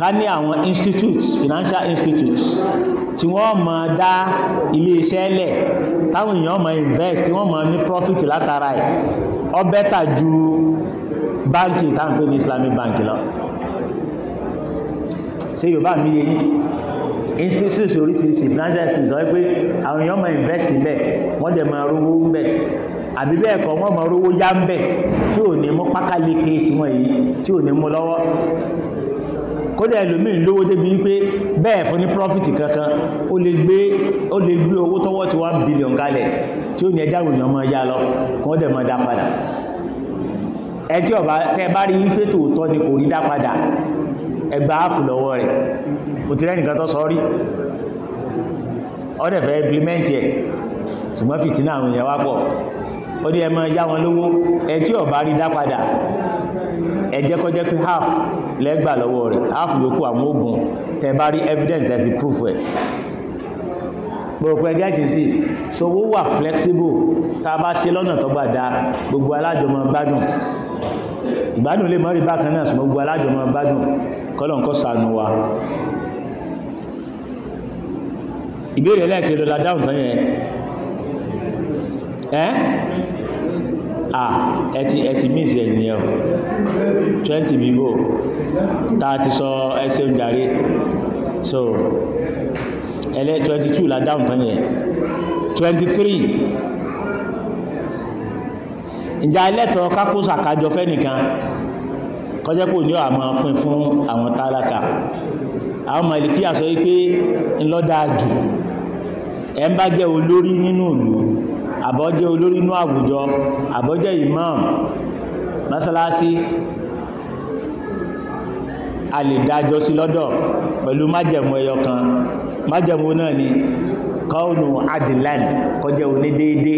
ká ní àwọn institutes financial institutes tí wọ́n mọ̀ dá ilé iṣẹ́ lẹ̀ táwọn èèyàn mọ̀ invest tí wọ́n mọ̀ ní profit látara ẹ̀ ọ bẹ́tà ju báńkì táwọn pè ní Islamic bank lọ ṣe Yorùbá mi yé yín institutions oríṣiríṣi financial institutions wọ́n pé àwọn èèyàn máa invest níbẹ̀ wọ́n dẹ̀ máa rówó ńbẹ̀ àbí bẹ́ẹ̀ kọ́ wọ́n máa rówó yá ńbẹ̀ tí ò ní mú pákáleke tiwọn yìí tí ò ní mú lọ́wọ́ kódà ẹlòmíì lówó débi wípé bẹ́ẹ̀ fún ní profit kankan ó lè gbé ó lè gbé owó tọ́wọ́ ti one billion kalẹ̀ tí ó ní ẹjá ìròyìn ọmọ ya lọ kó dẹ̀ máa dá padà ẹ tí ọba tẹ bá rí wípé tòótọ́ ni kò rí dá padà ẹgbàá fún lọ́wọ́ rẹ̀ mo ti rẹ́nìkan tó sọ rí ọdẹ̀ fẹ́ implement ẹ̀ ṣùgbọ́n fìtínà àwọn èèyàn wá pọ̀ ó ní ẹmọ yá wọn lówó ẹ tí ọ̀bá rí dá padà ẹ jẹ́ kó jẹ́ pé half lẹ́gbà lọ́wọ́ rẹ̀ half yòókù àwọn oògùn tẹ bá rí evidence tẹ fi proof ẹ̀ gbogbo ẹgbẹ́ ti sí sowó wà flexible tá a bá ṣe lọ́nà tó gbà dáa gbogbo alájọmọ gbádùn ìgbádùn lè mọ́rí bákan náà ṣùgbọ́n gbogbo alájọmọ gbádùn kọ́lọ̀ ń kọ́ sànù wa ìbéèrè ẹlẹ́ẹ̀kẹ́ lọ́la dáhùn tán yẹn ẹ́ ah ẹti ẹti miss ẹ̀yìn ẹ̀ 20 bíbò ta ti sọ ẹsẹ̀ ìjàre so ẹlẹ́ 22 la dáhùn tán yẹn 23 ìjà ẹlẹ́tọ̀ kápósà kájọ fẹ́ nìkan kọjẹ́ kò ní àmọ́ pín fún àwọn tálákà àwọn mọ̀lìkí àsọ wípé ńlọ́dáa jù ẹ ń bá jẹ́ olórí nínú ìlú àbọ́jẹ́ olórí inú àwùjọ àbọ́jẹ́ imam mọ́sálásí a lè dájọ́ sí lọ́dọ̀ pẹ̀lú májẹ̀mú ẹyọ kan májẹ̀mú náà ni kọ́ọ̀nù adìlan kọjẹ́ onídéédé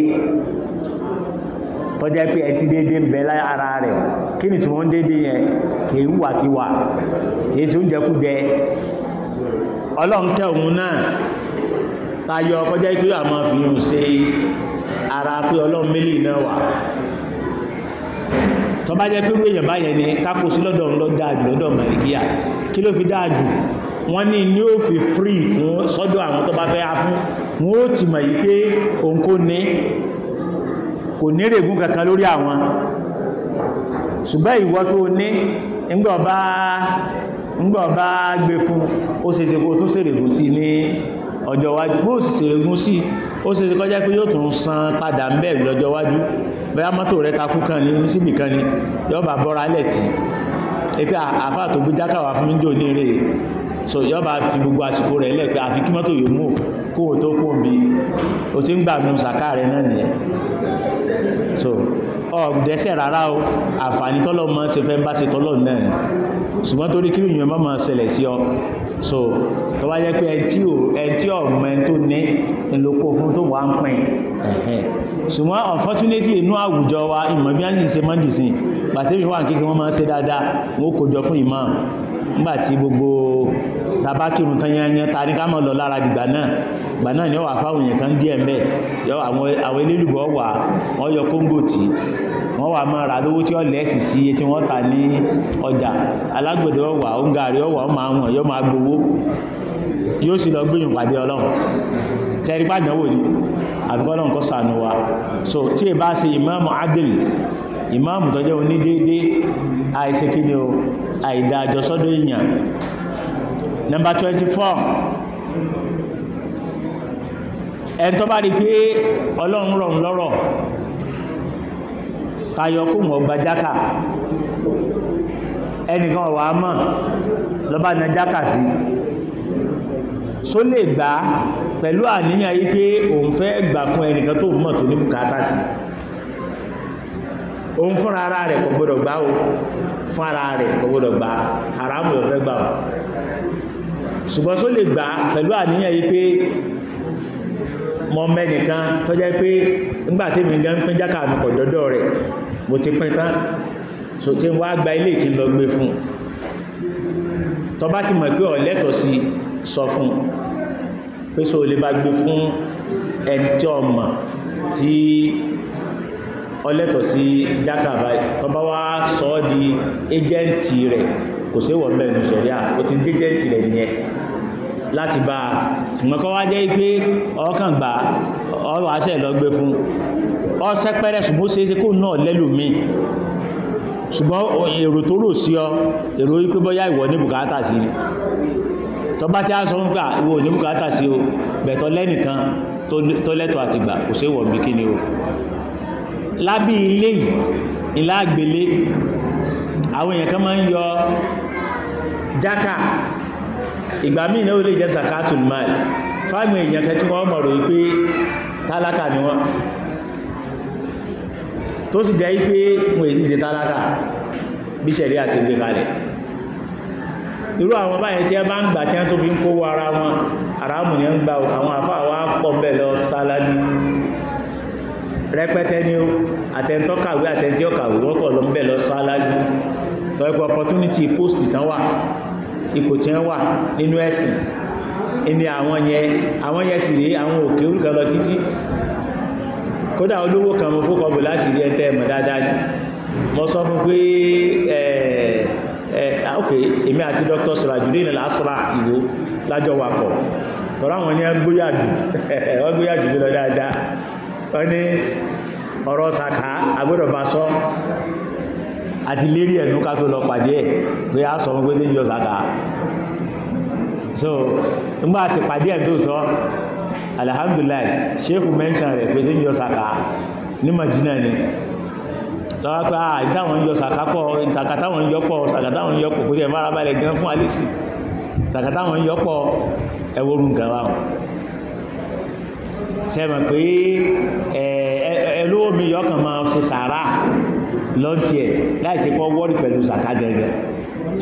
tọ́jẹ́ pé ẹtí déédé ń bẹ lára rẹ̀ kí ni tí wọ́n déédé yẹn kìí wàkíwà kìí sí oúnjẹ kú òun náà tayọ kọjá ikú àmọ́ fi hùn ṣe ara pé ọlọ́run mélì náà wà tó bá jẹ́ pé rú èèyàn báyẹn ni kápò sí lọ́dọ̀ ń lọ dáadù lọ́dọ̀ màlìkíyà kí ló fi dáadù wọ́n ní ní ó fi frí fún sọ́dọ̀ àwọn tó bá fẹ́ á fún wọ́n ó ti mọ̀ yí pé òun kò ní kò ní règún kankan lórí àwọn ṣùgbọ́n ìwọ tó ní ńgbọ̀ bá gbé fún ó ṣe ṣe kó tó ṣèrègún sí ní ọjọ́ iwájú bó sì ṣe gún sí ó ṣe ṣe kọjá pé yóò tún san padà ń bẹ̀rù lọ́jọ́ iwájú bẹ́ẹ̀ mọ́tò rẹ takú kan ní síbì kan ní yọba bọ́ra lẹ̀ tì ẹgbẹ́ àfáà tó gbé jákàwá fún mi jò ní eré so yọba fi gbogbo àsìkò rẹ̀ lẹ̀ pé àfi kí mọ́tò yóò mú kó tó kó mi o ti ń gbà mú sàká rẹ̀ náà nìyẹn so ọ̀dẹ́sẹ̀ rárá o àǹfààní tọ́lọ́ mọ́ ṣe fẹ́ bá ṣe tọ́lọ́ náà ṣùgbọ́n torí kí ìyẹn mọ́ mọ́ so tó bá jẹ́ pé ẹtí ọ̀mọ ẹni tó ní ìlòkó fún tó wà ń pìn ẹ̀hẹ́ ṣùgbọ́n unfortunately inú àwùjọ wa ìmọ̀ bí wọ́n sì ṣe mọ́ndì sí gbàtẹ́mi wà kíkẹ́ wọ́n máa ń ṣe dáadáa wọ́n kójọ fún ìmáàmù nígbàtí gbogbo tàbá kírun tán yányán ta ní ká mọ̀ lọ lára dìgbà náà gbà náà ni ó wà fáwọn èèyàn kan díẹ̀ mẹ́ yọ àwọn elélùbọ́ wà wọ́n yọ kóńgò tí wọ́n wà máa rà lówó tí ó lẹ́ẹ̀sì sí iye tí wọ́n tà ní ọjà alágbèdè ọwà oúngàrí ọwà ó máa wọ̀n yọ máa gbowó yóò sì lọ gbìyàn pàdé ọlọ́run tẹ́rí bá dánwò ní àbíkọ́lọ́n kọ́ sànù wa so tí è bá ṣe ìmáàmù adìl ìmáàmù tó jẹ́ onídéédé àìṣekí o àìdájọ́sọ́dọ̀ èèyàn number 24 ẹni tó bá rí pé ọlọ́run rọrùn lọ́rọ̀ tayọ kó mọ̀ gba jákà ẹnìkan wà á mọ̀ lọ́bá na jákà sí só lè gbà pẹ̀lú àníyàn yí pé òun fẹ́ gbà fún ẹnìkan tó mọ̀ tó ní bùkátà sí òun fún ara rẹ̀ kò gbọdọ̀ gbà o fún ara rẹ̀ kò gbọdọ̀ gbà haramu ṣùgbọ́n tó lè gbà pẹ̀lú àníyàn yìí pé mọ mẹ́nìkan tó jẹ́ pé nígbàtí mi gan pín jákà mi kọ̀ dọ́dọ̀ rẹ̀ mo ti pín tán so tí wá gba ilé ìkí lọ gbé fún tó bá ti mọ̀ pé ọ̀lẹ́tọ̀ sí sọ fún pé so lè bá gbé fún ẹni tí ọmọ tí ọlẹ́tọ̀ sí jákà báyìí tó bá wá sọ ọ́ di éjẹ́ǹtì rẹ̀ kò sí wọ̀n bẹ́ẹ̀ nù sẹ̀ríà ó ti jẹ́jẹ́ǹtì rẹ̀ nìyẹn láti bá a ìmọ̀kọ́ wá jẹ́ pé ọkàn gbà ọrọ̀ àṣẹ lọ́gbé fún ọ́sẹ́ pẹ́rẹ́ ṣùgbọ́n ṣe é ṣe kó náà lẹ́lù mi ṣùgbọ́n èrò tó rò sí ọ èrò wípé bọ́yá ìwọ ní bùkátà sí ni tọba tí a sọ ń gbà ní bùkátà sí o bẹ̀tọ̀ lẹ́nìkan tó lẹ́tọ̀ àti gbà kò sí ìwọ̀n bí ni o lábí ilé yìí àwọn èèyàn kan máa ń yọ jákà ìgbà míì náà ó lè jẹ́ zakatul mal fáwọn èèyàn kẹ tí wọ́n mọ̀ rò pé tálákà ni wọ́n tó sì jẹ́ pé mo èsì ṣe tálákà bí ṣẹ̀rí àti ìgbé kalẹ̀ irú àwọn báyìí tí ẹ bá ń gbà tí wọ́n tó fi ń kówó ara wọn àrámù ni ń gba àwọn àfáà wá pọ̀ bẹ́ẹ̀ lọ sálá ní rẹpẹtẹ ni ó àtẹntọ́ kàwé àtẹntí ọkàwé wọ́n lọ bẹ́ẹ̀ lọ sálá ní tọ́ ipò opportunity post tán wà ipò tí wọ́n wà nínú ẹ̀sìn ní àwọn yẹn àwọn yẹn sì rí àwọn òkè orúkọ lọ títí kódà olówó kan mo fókọ bò láti rí ẹtẹ mọ̀ dáadáa ni mo sọ fún pé ẹ ẹ ah, ok èmi àti Dr. sọ̀ràjùlé ní làásọ̀rà ìwò lájọ wakọ̀ tọ́rọ àwọn ní ẹgbóyàjù wọ́n gbóyàjù (laughs) lọ dáadáa wọ́n ní ọ̀rọ̀ sàkà agbọ́dọ̀ bá sọ àti lérí ẹ̀nú ká tó lọ pàdé ẹ̀ pé a sọ wọn pé tí ń yọ sàkà so nígbà sì pàdé ẹ̀ tó tọ́ alhamdulillah sheikh mention rẹ̀ pé tí ń yọ sàkà ní Madina ni lọ́wọ́ pé a ah, ìdáwọn yọ sàkà pọ̀ ìtàkàtàwọn yọ pọ̀ sàkàtàwọn yọ pọ̀ kó jẹ́ farabalẹ̀ gan fún alẹ́sì sàkàtàwọn yọ pọ̀ ẹwọ́rù nǹkan wa sẹ́mọ̀ pé ẹ̀ẹ́lówó mi yọkàn máa ṣe sàárà lọ́tí ẹ̀ láìsí pọ́ wọ́rí pẹ̀lú sàká gẹ́gẹ́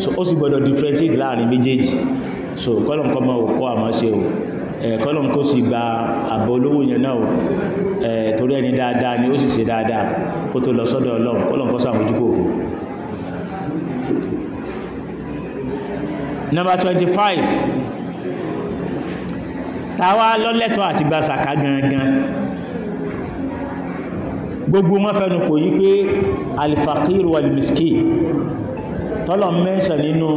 so ó sì gbọ́dọ̀ differentiate láàrin méjèèjì so kọ́lọ̀n kọ́ mọ́ òkú àmọ́ ṣe o kọ́lọ̀n kó sì gba àbọ̀ olówó yẹn náà torí ẹni dáadáa ni ó sì ṣe dáadáa kó tó lọ sọ́dọ̀ ọlọ́run kọ́lọ̀n kọ́ sàmójúkò fún number 25 tàwa lọ́lẹ́tọ̀ àti gba sàká gangan gbogbo wọn fẹ́nu kò yí pé alifakir wal miskin tọ́lọ̀ mẹ́ṣẹ̀ nínú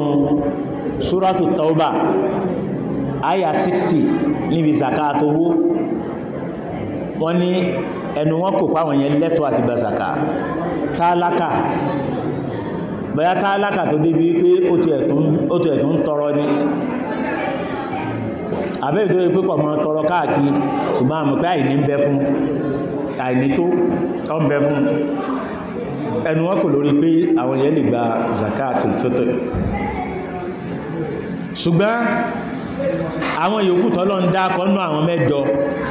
suratu tauba aya 60 níbi zaka àtowó wọ́n ní ẹnu wọn kò páwọn yẹn lẹ́tọ́ àti gbàzàkà tálákà bẹ́yà tálákà tó débi pé ó ti ẹ̀tún tọrọ ní àbẹ́ ìtò ìpẹ́kọ̀ mọ́ tọrọ káàkiri ṣùgbọ́n àmọ́ pé àìní ń bẹ fún àìnító ọmọbẹ fún ẹnu wọn lórí pé àwọn yẹn lè gba zakatul fitr ṣùgbọ́n àwọn yòókù tọ́lọ ń dákọ́ nú àwọn mẹ́jọ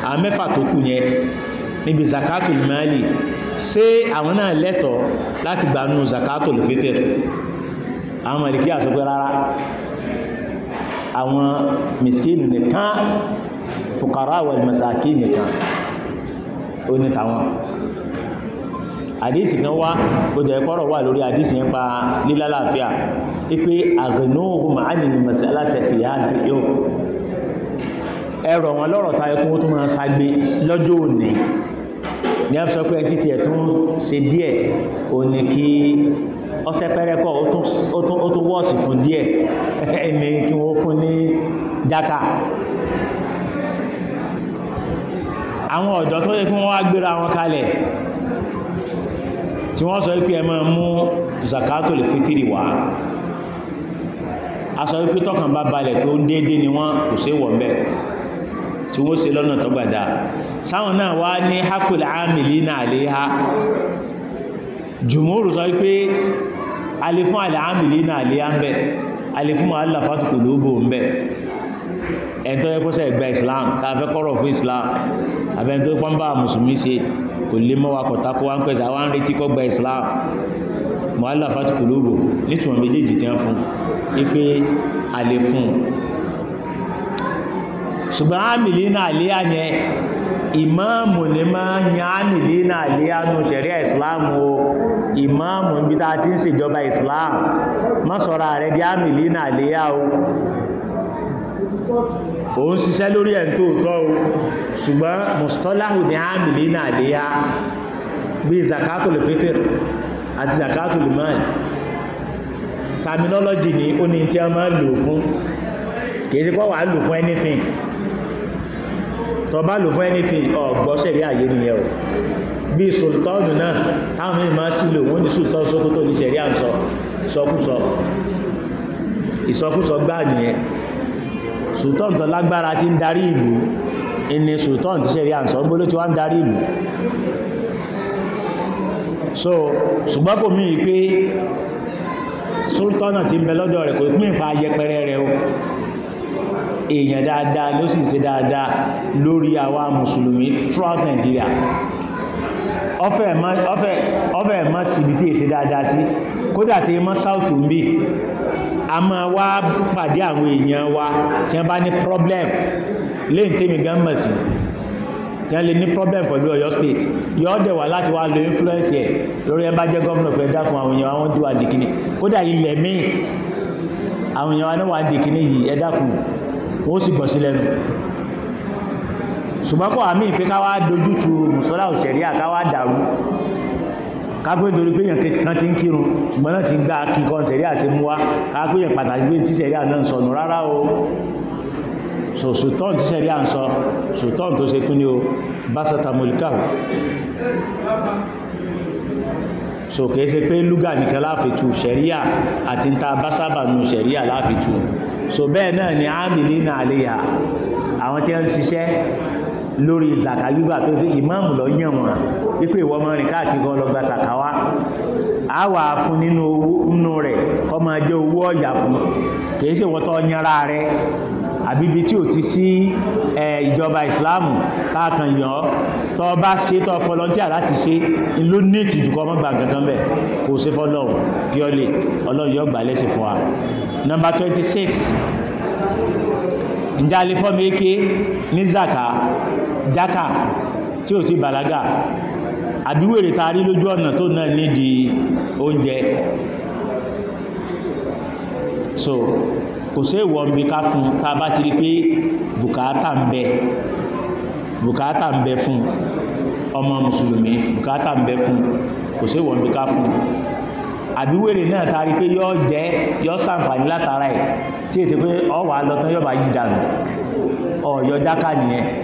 àwọn mẹ́fà tó kù yẹn níbi zakatul mali ṣé àwọn náà lẹ́tọ̀ọ́ láti gbà nú zakatul fitr àwọn mọ̀lìkí àṣọgbẹ́ rárá àwọn miskinu nìkan fukara wal masakin nìkan ó ní tàwọn àdísì kan wá gbọdọ̀ ẹ̀kọ́rọ̀ wà lórí àdísì yẹn pa lílálàáfíà wípé àgbẹ̀nóhùn ànìyàn mọ̀sálà tẹ̀fì yá ti yóò ẹrọ wọn lọ́rọ̀ ta ẹkún tó máa ságbé lọ́jọ́ òní ní a sọ pé ẹtí tiẹ̀ tún ṣe díẹ̀ òní kí ọsẹ pẹ́rẹ́kọ̀ ó tún wọ́ọ̀sì fún díẹ̀ (laughs) ẹni kí wọ́n fún ní jákà àwọn ọ̀dọ́ tó yẹ kí wọ́n wá gbéra wọn kalẹ̀ tí wọ́n sọ wípé ẹ máa mú zakato lè fitiri wá a sọ wípé tọ́kàn bá balẹ̀ pé ó déédé ni wọ́n kò sí wọ̀ bẹ́ tí wọ́n ṣe lọ́nà tó gbàdá sáwọn náà wá ní hakul amìlì náà lè ha jùmúrù sọ wípé alifún alẹ́ amìlì náà lè ha ń bẹ́ alifún alẹ́ fàtùkù ń bẹ́ ẹni tó yẹ gba islam tá a fẹ́ kọ́rọ̀ islam àbẹ́ni tó pọ́n bá mùsùlùmí ṣe kò lè mọ́ wa kọ̀tà kó wá gba islam mọ́álà fàtíkù lóògbò nítumọ̀ méjèèjì tí wọ́n fún ipé alẹ́ fún ṣùgbọ́n àmìlì náà lé àyẹ ìmáàmù ní máa ń yan amili náà lé àánú islam o ìmáàmù níbi tá a ti ń ṣèjọba islam ààrẹ o o ń ṣiṣẹ́ lórí ẹ̀ tó tọ́ o ṣùgbọ́n mustọ́láhù ní àmìlì náà lè yá bí zakatul fitr àti zakatul mal terminology ni ó ní tí a máa lò fún kìí sí pọ́ wà lò fún anything tó bá lò fún anything ọ̀gbọ́sẹ̀rí àyè nìyẹn o bí sultanu náà táwọn mìí máa sílò wọ́n ní sultan Sókótó ní sẹ̀rí à ń sọ ìsọkúsọ ìsọkúsọ gbáà nìyẹn sultan tó lágbára ti ń darí ìlú ẹni sultan ti ṣẹ̀rí àǹsọ́ ń bóló ti wá ń darí ìlú so ṣùgbọ́n kò mí pé sultana ti ń bẹ lọ́dọ̀ rẹ̀ kò pín ìfà ayẹpẹrẹ rẹ̀ o èèyàn dáadáa ló sì ṣe dáadáa lórí àwa mùsùlùmí throughout Nigeria ọfẹ́ ẹ̀mọ́ síbi tí èsì dáadáa sí kódà tí ẹmọ́ south ń a máa wá pàdé àwọn èèyàn wa tí wọ́n bá ní problem lẹ́yìn tèmi gan mọ̀ sí tí wọ́n lè ní problem pẹ̀lú Ọ̀yọ́ state yọ́ dẹ̀ wá láti wá lo influence ẹ̀ lórí ẹ bá jẹ́ gómìnà pẹ̀ dákun àwọn èèyàn wọn dúwà dìkíní kódà ilẹ̀ míì àwọn èèyàn wọn wà dìkíní yìí ẹ dákun ó sì bọ̀ sí lẹ́nu ṣùgbọ́n kọ́ àmì ìpé ká wá dojútu mùsọ́lá òṣèrí àkáwá dàrú kápé torí pé èèyàn kan ti ń kírun ṣùgbọ́n náà ti gba kíkan sẹ̀rí àṣẹ mú wá kápé èèyàn pàtàkì pé tí sẹ̀rí àná ń sọnù rárá o so sultan tí sẹ̀rí à ń sọ sultan tó ṣe kú ni o basata molika so kìí ṣe pé lúgà nìkan láàfitù sẹ̀ríà àti ń ta básábà nu sẹ̀ríà láàfitù so bẹ́ẹ̀ náà ni ámìlì náà àléyà àwọn tí wọ́n ń lórí zaka gbígbà tó fi ìmáàmù lọ yàn wọn wípé ìwọ ọmọ rìn káàkiri kan lọ gba zaka wá a wà fún nínú owó nínú rẹ̀ kọ́ máa jẹ́ owó ọ̀yà fún kìí ṣe wọ́tọ́ yanra rẹ̀ àbíbi tí ò ti sí ìjọba ìsìláàmù káàkan yàn ọ́ tọ́ bá ṣe tọ́ fọlọ́ntíà láti ṣe ló ní ìtìjú kọ́ mọ́gbà kankan bẹ̀ kò ṣe fọlọ́run kí ọ lè ọlọ́run yọ gbà lẹ́sẹ̀ fún wa nọmba 26 ǹjẹ́ alẹ́ fọ́ mi ké ní zaka jákà tí ò ti bàlágà àbí wèrè rí lójú ọ̀nà tó náà nídìí oúnjẹ so kò sí èèwọ̀ nbí ká fún ta bá ti rí pé bukata ń bẹ fún ọmọ musulumi ń bẹ fún kò sí èèwọ̀ nbí ká fún náà ta rí pé yọ jẹ́ látara ẹ̀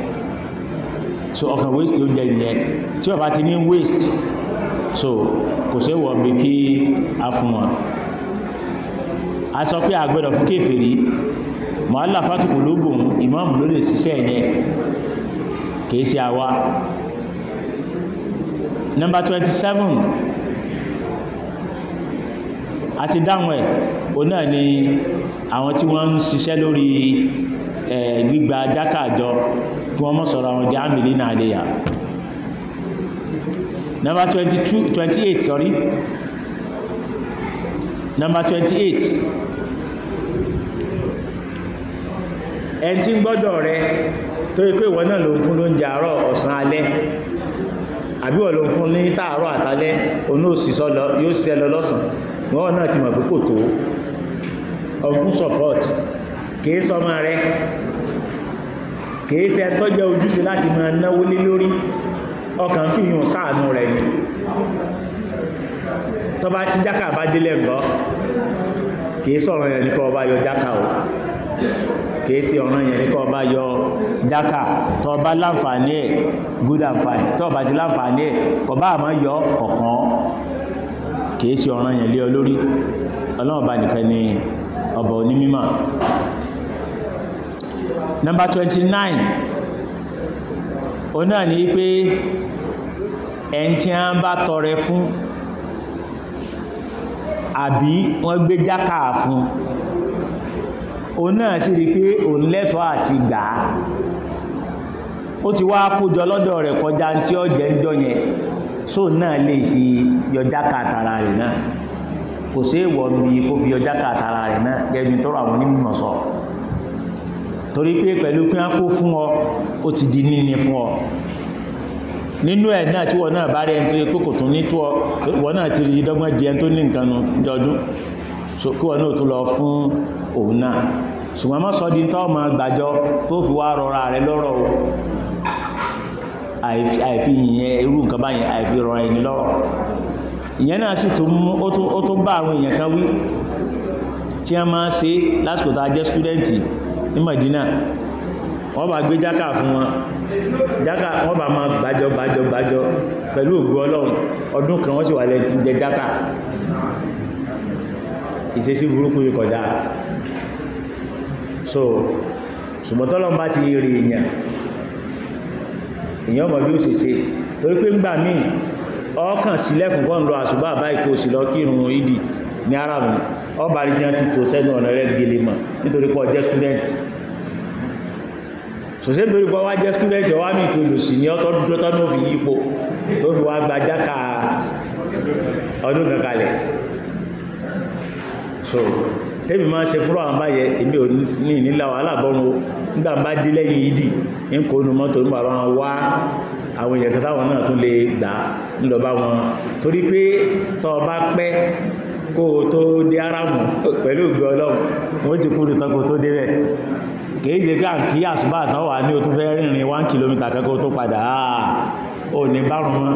ọ so ọkàn waste oúnjẹ ìyẹn tí ó bá ti ní waste so kò sí wọ́n bí kí a fún wọn a sọ pé àgbẹ̀dọ̀ fún kéfèrí mọ́álà fátukù lóògùn ìmáàmù ló lè ṣiṣẹ́ ẹ̀yẹ kìí ṣe àwa number 27 àti dáhùn ẹ̀ o náà ni àwọn tí wọ́n ń ṣiṣẹ́ lórí gbígba jákàjọ kí wọ́n mọ́ sọ̀rọ̀ àwọn jẹ́ àmìlì náà lè yà number twenty-eight sorry number twenty-eight. tí ń gbọ́dọ̀ rẹ tó yẹ pé ìwọ náà ló ń fún ló ń jẹ àárọ̀ ọ̀sán alẹ́ àbí wọ́n ló ń fún ní tààrọ̀ àtàlẹ́ oní òsìsọ́ yóò sí ẹlọ lọ́sàn wọ́n náà ti mọ̀ pé kò tó fún support kì kìí sọmọ rẹ kèése tọ́jẹ́ ojúṣe láti máa náwó lé lórí ọkàn fi yùn sáànú rẹ̀ ni tọba tí jákà bá délẹ̀ ńkọ́ kìí sọ̀rọ̀ yẹn ní kọ́ ọba yọ jákà o kìí ọ̀rọ̀ yẹn ní ọba yọ jákà tọba láǹfààní ẹ̀ good and fine tọba ti láǹfààní ẹ̀ kọba àmọ́ yọ ọ̀kan kìí sí ọ̀rọ̀ yẹn lé ọ lórí nìkan ni ọba onímímọ̀ nọmbà 29 o náà ní pé ẹni tí a ń bá tọrẹ fún àbí wọ́n gbé jákà fún o náà sì rí pé òun lẹ́tọ̀ọ́ àti gbà á ó ti wá kójọ lọ́dọ̀ rẹ̀ kọjá tí ó jẹ́ ń jọ yẹn só náà lè fi yọjá kàtàrà rẹ̀ náà kò sí èèwọ̀ bí kó fi yọjá kàtàrà rẹ̀ náà gẹ́gẹ́ bí tọ́rọ àwọn onímọ̀ sọ̀rọ̀ torí pé pẹ̀lú pé wọ́n kó fún ọ ó ti di níní fún ọ nínú ẹ̀ náà tí wọ́n náà bá rí ẹni tó yẹ pé kò tún ní tó ọ wọ́n náà ti rí dọ́gbọ́n di ẹni tó ní nǹkan dọdún so kí wọ́n náà tó lọ fún òun náà ṣùgbọ́n mọ́ sọ di tọ́ ọmọ gbàjọ tó fi wá rọra rẹ lọ́rọ̀ o àìfi ìyẹn irú nǹkan báyìí àìfi rọ ẹni lọ́rọ̀ ìyẹn náà sì tún mú ó tún bá àwọn èèyàn kan wí tí wọ́n máa ṣe lásìkò tá a jẹ́ stúdẹ́ǹtì ní Madina wọ́n bá gbé jákà fún wọn jákà wọ́n bá máa gbàjọ gbàjọ gbàjọ pẹ̀lú ògbó ọlọ́run ọdún kan wọ́n sì wà lẹ́tí jẹ jákà ìṣesí burúkú yìí kọjá so ṣùgbọ́n tọ́lọ́n bá ti rí èèyàn èèyàn mọ̀ bí ó ṣe ṣe torí pé ńgbà míì ọkàn sílẹ̀kùn kọ́ ń lọ àṣùbà báyìí kò sì lọ kírun ìdí ní aráàlú ọba rí jẹ́ ti tò sẹ́nu ọ̀nà rẹ̀ gẹlẹ́mọ̀ nítorí pọ̀ jẹ́ student so ṣe torí pọ́ wá jẹ́ student wá mi ìpele òsì ní ọtọ́ dúdú tọ́ ní òfin yípo tó fi wá gba jáka ọdún kan kalẹ̀ so tẹ́mi máa ṣe fúnra àwọn báyẹ èmi ò ní ìnílà wàhálà bọ́run nígbà bá dé lẹ́yìn ìdí ń kó inú mọ́tò nígbà bá wọn wá àwọn èèyàn kan táwọn náà tún lè gbà ńlọ bá wọn torí pé tọ́ bá pẹ́ kó tó dé áráàmù pẹ̀lú ìgbé ọlọ́run wọ́n ti kúrò tán tó dé bẹ́ẹ̀ kìí a ká kí àṣùbà tán ní o tún fẹ́ rìnrìn 1 km kẹ́kọ́ tó padà àà ò ní bárùn mọ́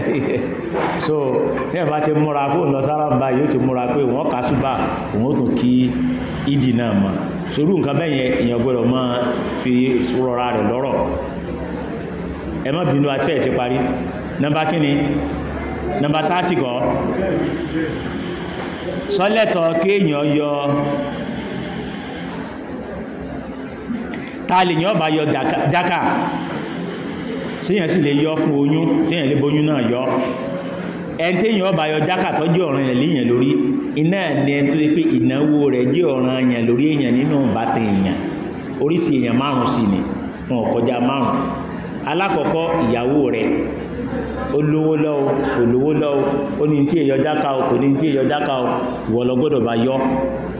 (laughs) so ẹ̀bá ti múra kó lọ sára ń ba ti múra pé wọ́n kà ṣùbà òun tó kí ìdì náà mọ́ sorú nǹkan bẹ́yẹn èèyàn fi rọra rẹ̀ lọ́rọ̀ ẹ má bínú àti ti parí nọmba kíni nọmba 30 kọ́ kéèyàn ta lè yàn bá yọ daka síyàn sì lè yọ fún oyún tíyàn lè bóyún náà yọ ẹni tíyàn ọba yọ daka tọ́jú ọ̀ràn yẹn léyàn lórí iná ni ẹni tó yẹ pé ìnáwó rẹ jẹ́ ọ̀ràn yẹn lórí èèyàn nínú ìbátan èèyàn oríṣi èèyàn márùn sí ni márùn alákọ̀ọ́kọ́ ìyàwó olówó lọ́wọ́ olówó lọ́wọ́ ó ní tí ó kò ní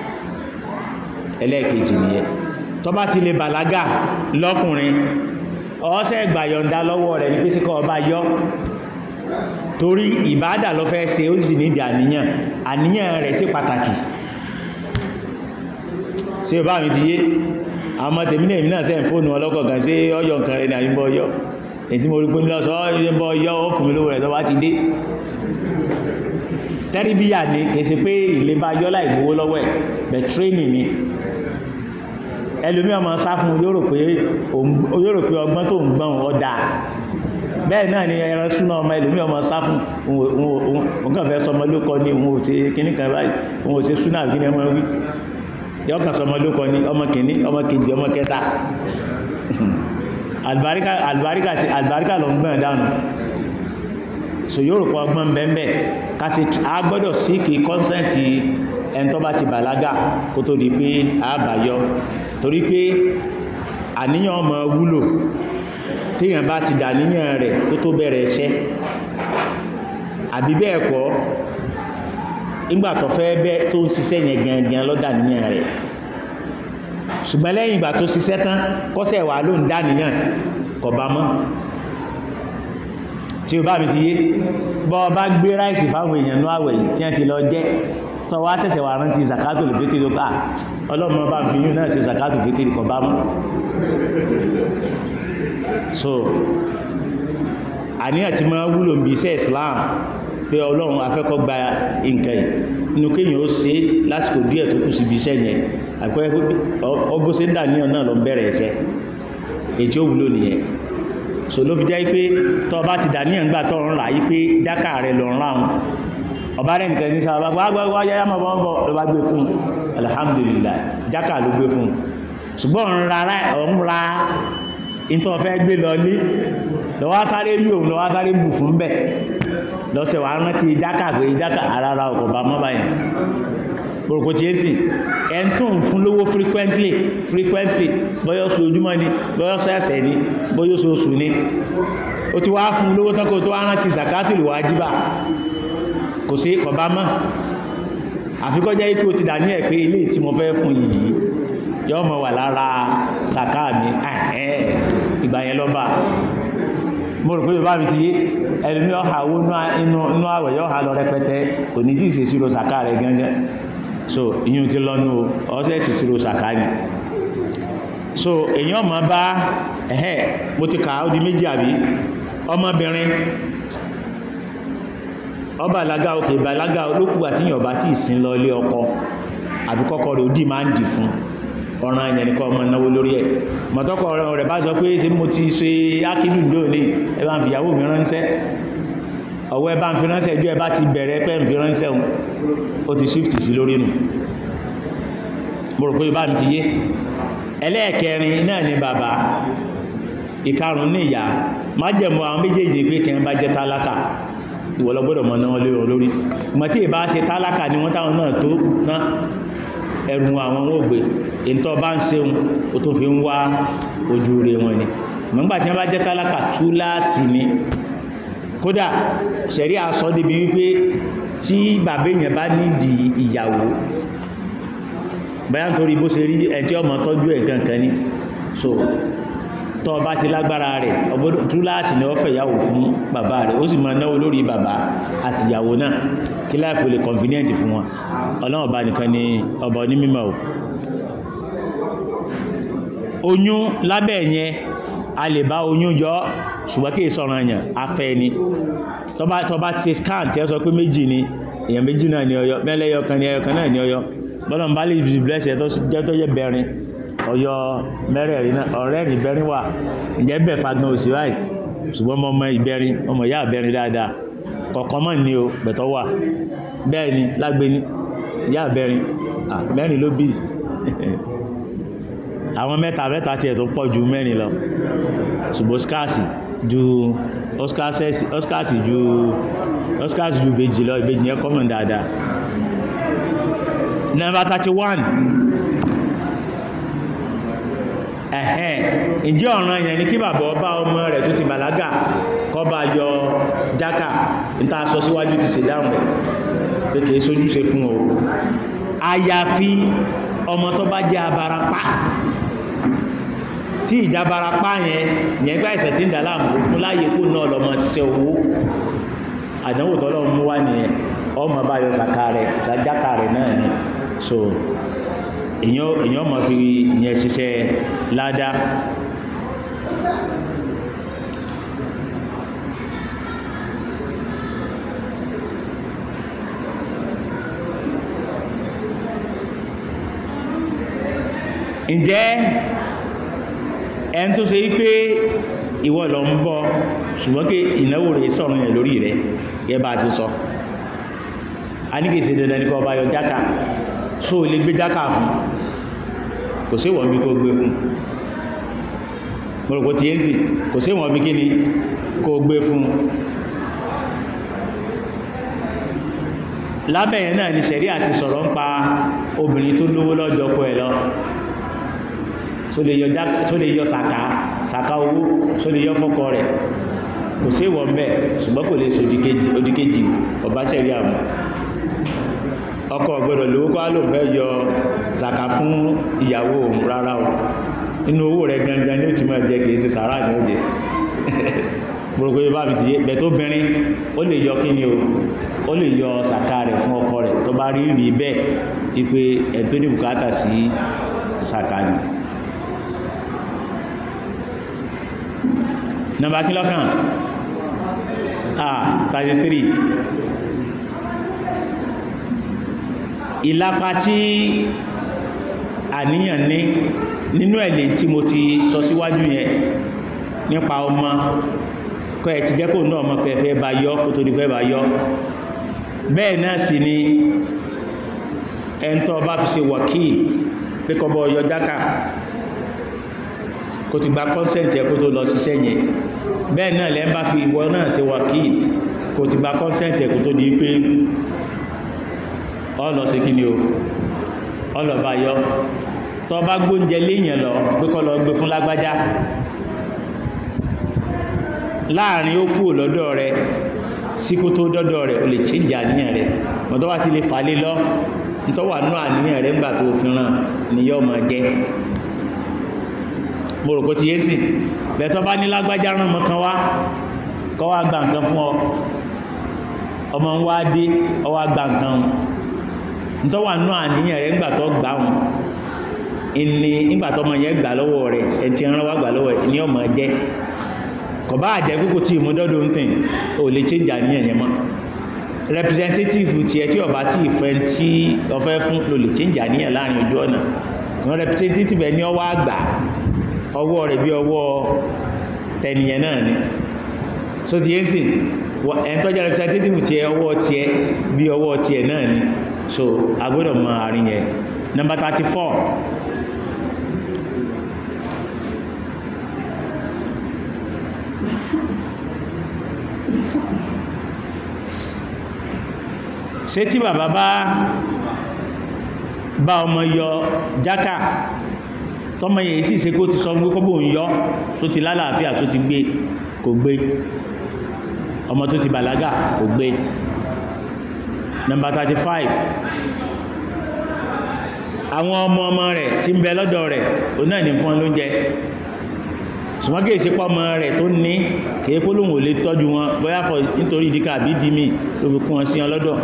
ẹlẹ́ẹ̀kejì nìyẹn tó bá ti lè bàlágà lọ́kùnrin ọ́sẹ̀ gbàyọ̀ǹda lọ́wọ́ rẹ̀ ní pé síkọ́ ọba yọ́ torí ìbádà lọ fẹ́ ṣe ó sì níbi àníyàn àníyàn rẹ̀ sí pàtàkì ṣe bá mi ti yé àmọ́ tèmi náà èmi náà sẹ́ ń fóònù ọlọ́kọ̀ kan sí ọyọ̀ nǹkan rẹ̀ ní àyíbọ̀ ọyọ́ èyí tí mo rí pé ní ìyẹ́bọ̀ ọyọ́ ó fún mi lówó rẹ̀ tó bá ti dé tẹ́ríbíyà ni kèsì pé ilé bá yọ́lá ìgbówó lọ́wọ́ ẹ̀ bẹ̀ ni ẹlòmí ọmọ sá fún yóò rò pé ọgbọ́n tó ń gbọ́n ọ̀dà bẹ́ẹ̀ náà ni ẹran súná ọmọ ẹlòmí ọmọ sá fún nǹkan fẹ́ sọmọ ló kọ ní òun ò ti kíní kan báyìí òun ò (laughs) ti súná àbíkíní ọmọ wí yọkàn sọmọ ló kọ ní so yóò rò pọ̀ ọgbọ́n bẹ́ẹ̀bẹ́ kásì a gbọ́dọ̀ sí kí kọ́nsẹ̀ntì ẹn tó bá ti bàlágà kó tó di pé àbáyọ torí pé àníyàn ọmọ wúlò téèyàn bá ti dàníyàn rẹ̀ kó tó bẹ̀rẹ̀ iṣẹ́ àbí bẹ́ẹ̀ kọ́ ìgbà bẹ́ tó ń ṣiṣẹ́ yẹn gangan ló dàníyàn rẹ̀ ṣùgbọ́n lẹ́yìn ìgbà tó ṣiṣẹ́ tán kọ́sẹ̀ wà ló ń dàníyàn kò tí ó bá mi ti yé bọ́ bá gbé ráìsì fáwọn èèyàn ní àwẹ̀ tí wọ́n ti lọ jẹ́ tó wá ṣẹ̀ṣẹ̀ wà rántí zakato lè fẹ́tẹ̀ lópa ah, ọlọ́mọ bá ń fi yún náà ṣe zakato fẹ́tẹ̀ kọ bá mú so àníyàn ti máa wúlò bí iṣẹ́ Islam pé Ọlọ́run afẹ́kọ́ gba nǹkan yìí inú kéèyàn ó ṣe lásìkò díẹ̀ tó kù síbi iṣẹ́ yẹn àpẹẹrẹ ọgbọ́sẹ̀ dàníyàn náà lọ bẹ̀rẹ̀ iṣẹ́ èjì ó wúlò nìyẹn so ló fi jẹ́ pé tọ́ bá ti dà níyàn gbà tọ́run rà yí pé jákà rẹ̀ lọ ráhùn ọba rẹ̀ nìkan ní sábà gbogbo ayáyá mọ̀ bọ́ ló bá gbé fún alhamdulillah jákà ló gbé fún ṣùgbọ́n rárá ọ̀hún ra ìtọ́ fẹ́ gbé lọ lé lọ́wọ́ sáré rí òun lọ́wọ́ sáré bù fún bẹ́ẹ̀ lọ́tẹ̀ wà rántí jákà pé jákà arára ọkọ̀ bá mọ́ báyìí òrùkò tí é sì ẹn tó ń fún lówó frequently frequently bọ́yọ́ sí ojúmọ́ ni bọ́yọ́ sí ẹ̀sẹ̀ ni bọ́yọ́ sí oṣù ni ó ti wá fún lówó tán kó tó ara ti zakati lè wájíbà kò sí kọba mọ́ àfikọ́ jẹ́ ipò ti dà ní ẹ̀ pé ilé tí mo fẹ́ fún yìí yọ́ mọ̀ wà lára sàká mi ìgbà yẹn lọ́ba mo rò pé bàbá mi ti yé ẹlòmí ọ̀hà owó inú àwẹ̀ yọ̀hà lọ rẹpẹtẹ kò ní tí ìṣèṣirò sàká rẹ̀ gángan so ìyún ti lọ́nu ọ́sẹ̀ sì ti ro sàká ni so èyàn ọmọ bá ẹ̀hẹ́ mo ti kà á di méjì àbí ọmọbìnrin ọba alága òkè ìbàlága olókùwà tí yàn bá tí ìsin lọ ilé ọkọ àbíkọ́kọ́ rẹ̀ ó dì máa ń dì fún ọ̀ràn ẹ̀yẹnìkọ́ ọmọ lórí bá sọ pé ṣe mo ti ṣe lónìí ẹ bá ọwọ́ ẹbá ń fi ránṣẹ́ ẹjọ́ ẹbá ti bẹ̀rẹ̀ pẹ́ ń fi ránṣẹ́ ohun ó ti shift sí lórí nù mo rò pé bá ń ti yé ẹlẹ́ẹ̀kẹrin náà ni bàbá ìkarùn ní ìyá má jẹ̀mọ́ àwọn méjèèjì pé tí wọ́n bá jẹ́ tálákà ìwọ ló gbọ́dọ̀ mọ̀ náà lé wọn lórí mọ̀ tí ìbá ṣe tálákà ni wọ́n táwọn náà tó tán ẹ̀rùn àwọn ògbè ìntọ́ bá ń seun ó tó fi ń wá ojú rẹ̀ wọn ni mọ̀gbà tí wọ́n bá jẹ́ tálákà túláàsì ni kódà ṣẹ̀rí àsọ débi wípé tí bàbá èèyàn bá nídìí ìyàwó báyá nítorí bó ṣe rí ẹ̀tí ọmọ tọ́jú ẹ̀ kankan ní so tọ́ bá ti lágbára rẹ̀ túláàsì ni ó fẹ́ ìyàwó fún bàbá rẹ̀ ó sì máa náwó lórí bàbá àti ìyàwó náà kí láìfò lè convenient fún wọn ọlọ́run ọba nìkan ni ọba onímọ̀ oyún lábẹ́ yẹn a lè bá oyún yọ ṣùgbọ́n kí ìsọ̀rọ̀ èèyàn afẹ́ ni tó bá ti ṣe scan tí ẹ sọ pé méjì ni èèyàn méjì náà ni ọyọ mẹ́lẹ́yọkan ni ẹyọkan náà ni ọyọ bọ́lá ń bá lè ju blẹ́sẹ̀ tó jẹ́ tó yẹ bẹ̀rin ọyọ mẹ́rẹ̀ẹ̀rin náà ọ̀rẹ́ rìn bẹ̀rin wà ǹjẹ́ bẹ̀ fagbọn òsì báyìí ṣùgbọ́n mo mọ ìbẹ̀rin ọmọ ìyá ìbẹ̀rin dáadáa kọ̀ọ̀kan mọ̀ ni o bẹ̀tọ̀ wà bẹ́ẹ̀ ni lágbẹ́ni ìyá ìbẹ̀rin mẹ́rin ló bí (laughs) àwọn mẹ́ta mẹ́ta tiẹ̀ tó pọ̀ ju mẹ́rin lọ ṣùgbọ́n skasi ju oskasi ju oskasi ju ìbejì lọ ìbejì yẹn kọ́mọ̀ dáadáa nọ́mbà 31 ẹ̀hẹ́n ìjẹ́ ọ̀ràn yẹn ni kí bàbá ọba ọmọ rẹ̀ tó ti bàlágà kó bá yọ jákà níta sọ síwájú ti ṣe dáhùn rẹ̀ pé kìí sójúṣe fún ọ àyàfi ọmọ tó bá jẹ́ abarapá tí ìjábára páyẹn yẹn gbá ìṣẹ̀ tí ń dàlá mú fún láyé kó náà lọ mọ ṣiṣẹ́ owó àdánwò tọ́lọ́ mú wá nìyẹn ọmọ bá yọ sàkà rẹ̀ sàjákà rẹ̀ náà ni so èyàn mọ̀ fi yẹn ṣiṣẹ́ ládá ǹjẹ́ ẹn tó ṣe wípé ìwọ lọ ń bọ́ ṣùgbọ́n kí ìnáwó rẹ̀ sọ̀rọ̀ yẹn lórí rẹ̀ yẹ bá ti sọ a ní kìí ṣe dandan ní kọ́ ọba yọ jáka só ilé gbé jáka fún kò sí wọ́n bí kó gbé fún mọ̀rọ̀kọ́ ti yé sí kò sí wọ́n bí kí ni kó gbé fún lábẹ̀yẹn náà ni ṣẹ̀rí àti sọ̀rọ̀ ń pa obìnrin tó lówó lọ́jọ́ pọ̀ ẹ̀ lọ tó lè yọ sàkà sàkà owó tó lè yọ fọ́kọ rẹ̀ kò sí ìwọ̀n bẹ̀ ṣùgbọ́n kò lè so odìkejì ọba ṣẹ̀rí àmọ́ ọkọ ọ̀gbọ́dọ̀ lówó kọ́ ló fẹ́ yọ sàkà fún ìyàwó òun rárá o inú owó rẹ̀ gangan ní ó ti máa jẹ kìí ṣe sàárà (laughs) ní sàkà ni nọmbà kí lọ́kàn ah 33 ìlapa tí àníyàn ní nínú ẹ̀lẹ̀ tí mo ti sọ síwájú yẹn nípa ọmọ kọ́ ẹ̀ ti jẹ́ kò náà ọmọ pẹ̀fẹ́ bá yọ́ kò tó di fẹ́ bá yọ́ bẹ́ẹ̀ náà sì ni ẹntọ́ bá fi ṣe wàkíl pé kọ́ yọ dáka kò ti gba consent ẹ̀ tó lọ ṣiṣẹ́ yẹn bẹ́ẹ̀ náà lẹ́ ń bá fi ìwọ náà ṣe wákìl kò ti gba consent ẹ̀kù tó di pé ọlọ sí kí ni o ọlọ bá yọ tọ bá gbóúnjẹ léèyàn lọ pé kọ́ lọ gbé fún lágbájá láàrin ó kúrò lọ́dọ̀ rẹ sí kó tó dọ́dọ̀ rẹ̀ o lè change àníyàn rẹ̀ mọ̀ tó bá ti lè falé lọ tó wà ní àníyàn rẹ̀ ńgbà tó fi ràn ní yọ́ ma jẹ́ mo rò kó ti yé sí bẹ̀tọ́ bá ní lágbájá rán mọ́ fún ọ ọmọ ń wá dé ọwá gba nǹkan wọn ntọ́wà náà àníyàn rẹ̀ gbà wọn ìní ńgbàtọ́ ọmọ yẹn gbà lọ́wọ́ rẹ̀ ẹ̀tì ẹran wá gbà lọ́wọ́ ní ọmọ jẹ́ kọ̀ bá àjẹ́ kókò tí ọba tí ìfẹ́ tí ọfẹ́ fún lè ṣe jà níyàn láàrin ojú ọ̀nà representative ọwọ́ ọwọ́ rẹ̀ bí ọwọ́ tẹniyẹ náà ni so ti yẹn sì ẹn tó jẹ́ representative ti ẹ ọwọ́ ti ẹ bí ọwọ́ ti ẹ náà ni so a gbọ́dọ̀ àárín yẹn number 34 ṣé tí bàbá bá bá ọmọ yọ jákà tọ́mọ yìí sì ṣe kó ti sọ gbogbo bó ń yọ́ tó ti lálàáfíà tó ti gbé kò gbé ọmọ tó ti bàlágà kò gbé number 35 àwọn ọmọ ọmọ rẹ̀ tí ń bẹ lọ́dọ̀ rẹ̀ ò náà ní fún lóúnjẹ ṣùgbọ́n kìí sípọ̀ ọmọ rẹ̀ tó ní kìí kó lóhùn ò lè tọ́jú wọn bóyá fọ nítorí ìdíkà àbí dìmí tó fi kún wọn sí ọlọ́dọ̀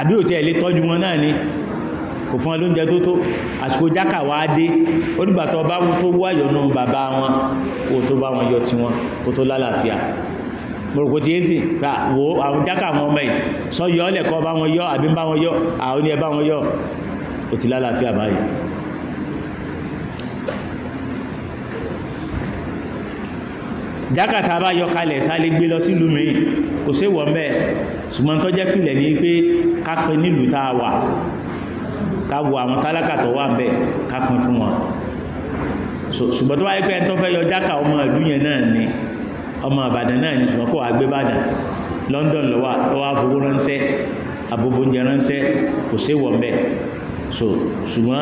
àbí òtí ẹ̀ lè tọ́jú wọn náà ni kò fún wọn lóúnjẹ tó tó àsìkò jákà wá dé onígbàtọ̀ bá wọn tó wá yọ̀nà bàbá wọn kò tó bá wọn yọ ti wọn kò tó lálàáfíà mọ̀rùkú ti yéèsì ta wo àwọn jákà wọn ọmọ yìí sọ yọ lẹ́kọ́ bá wọn yọ àbí bá wọn yọ àwọn ní ẹ bá wọn yọ kò ti lálàáfíà báyìí jákàtà bá yọ kalẹ̀ sálé gbé lọ sílùú mi kò sí wọ́n bẹ́ẹ̀ ṣùgbọ́n tó pìlẹ̀ ní pé kápẹ́ nílùú tá a wà káwo àwọn tálákà tó wà bẹ́ẹ̀ kápin fún wọn ṣùgbọ́n tó wáyé pé ẹni tó fẹ́ yọ jáka ọmọ ìlú yẹn náà ni ọmọ Ìbàdàn náà ni ṣùgbọ́n kò wá gbé Ìbàdàn London lọ́wọ́ tó wá fowó ránṣẹ́ abófóúnjẹ ránṣẹ́ kò sí wọ̀ bẹ́ẹ̀ so ṣùgbọ́n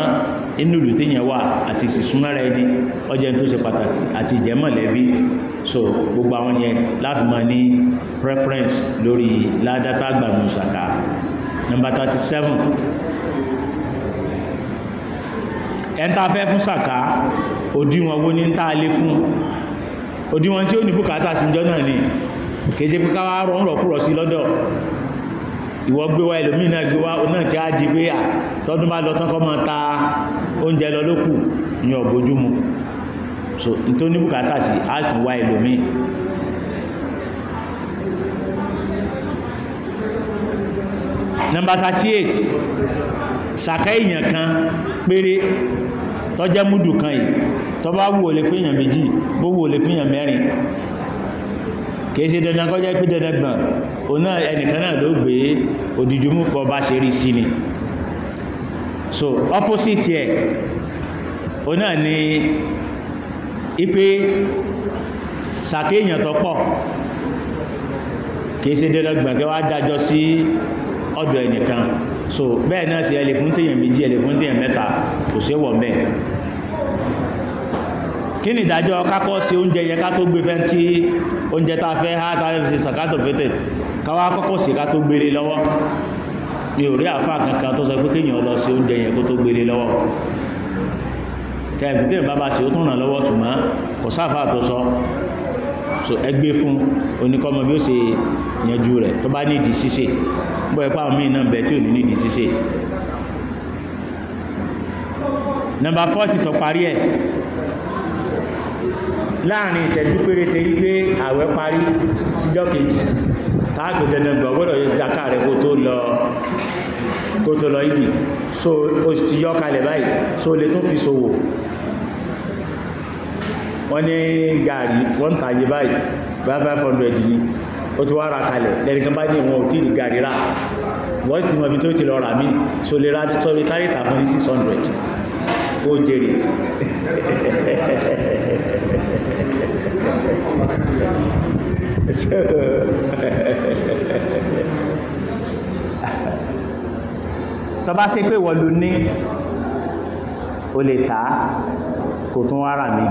inú ìlú tí yẹn wà àti ìsìsúnmọ́ra ẹni ọjẹ́ tó ṣe pàtàkì àti ìjẹ́mọ̀lẹ́bí so gbogbo àwọn yẹn láti máa ní preference lórí ládátàgbà mùsàkà number thirty seven ẹ̀ntà fẹ́ fún sàká òdíwọ̀n owó ní tàà lé fún òdíwọ̀n tí ó ní bùkátà sí jọ náà ni kèje pé káwá rọrùn kúrọ̀ sí lọ́dọ̀ ìwọ gbé wá ẹlòmíì náà gbé náà tí a di pé à tọdún bá lọ tọ́kọ́ máa ta oúnjẹ lọ lókù ní ọ̀bójúmu so n tó ní bùkátà sí number thirty eight sàkẹ́ èèyàn kan péré tó jẹ́ múdù kan yìí tó bá wù ó lè fún èèyàn méjì bó wù ó lè fún èèyàn mẹ́rin kìí ṣe dandan kọjá pé dandan gbọ̀n òun náà ẹnìkan náà ló gbé òdìjú mú kọ bá ṣe rí sí ni so opposite ẹ̀ o náà ni ipé sàkéèyàn tó pọ̀ kìí ṣe dandan gbọ̀n kí wá dájọ́ sí ọ̀dọ̀ ẹnìkan so bẹ́ẹ̀ náà sì ẹlẹ̀ fún tèyàn méjì ẹlẹ̀ fún tèyàn mẹ́ta kò sí wọ̀ mẹ́ kí ni ìdájọ́ kákọ́ sí oúnjẹ yẹn ká tó gbé fẹ́ tí oúnjẹ tá fẹ́ há tá fi sàkátọ̀ fẹ́tẹ̀ káwá kọ́kọ́ sí ká tó gbére lọ́wọ́ mi ò rí àfáà kankan tó sọ pé kéèyàn lọ sí oúnjẹ yẹn kó tó gbére lọ́wọ́ tẹ̀ẹ̀fì tẹ̀ẹ̀ bá bá so ẹgbẹ́ fún oníkọ́mọ bí ó ṣe yanjú rẹ̀ tó bá nídìí ṣíṣe bọ́ ẹ̀pá omi náà bẹ̀ tí ò ní nídìí ṣíṣe nọmba 40 tó parí ẹ̀ láàrin ìṣẹ́jú péréte rí pé àwẹ̀ parí síjọ́ kejì táàgbẹ̀ dandan gbọ̀ gbọ́dọ̀ yóò dákà rẹ̀ kó tó lọ kó tó lọ ìdí so ó ti yọ́ kalẹ̀ báyìí so lè tó fi ṣòwò wọ́n ní gàrí wọ́n tàyè báyìí bá 500 ní ó ti wá ra kalẹ̀ lẹ́nìkan bá ní wọn ò tí ì gàrí rà wọ́n sì mọ̀ bí tó ti lọ rà mí so lè ra sọ́rí sáré tà ní 600 kó jèrè (laughs) tọba ṣe pé wọ́n ló ní o lè tà kò tún wá rà mí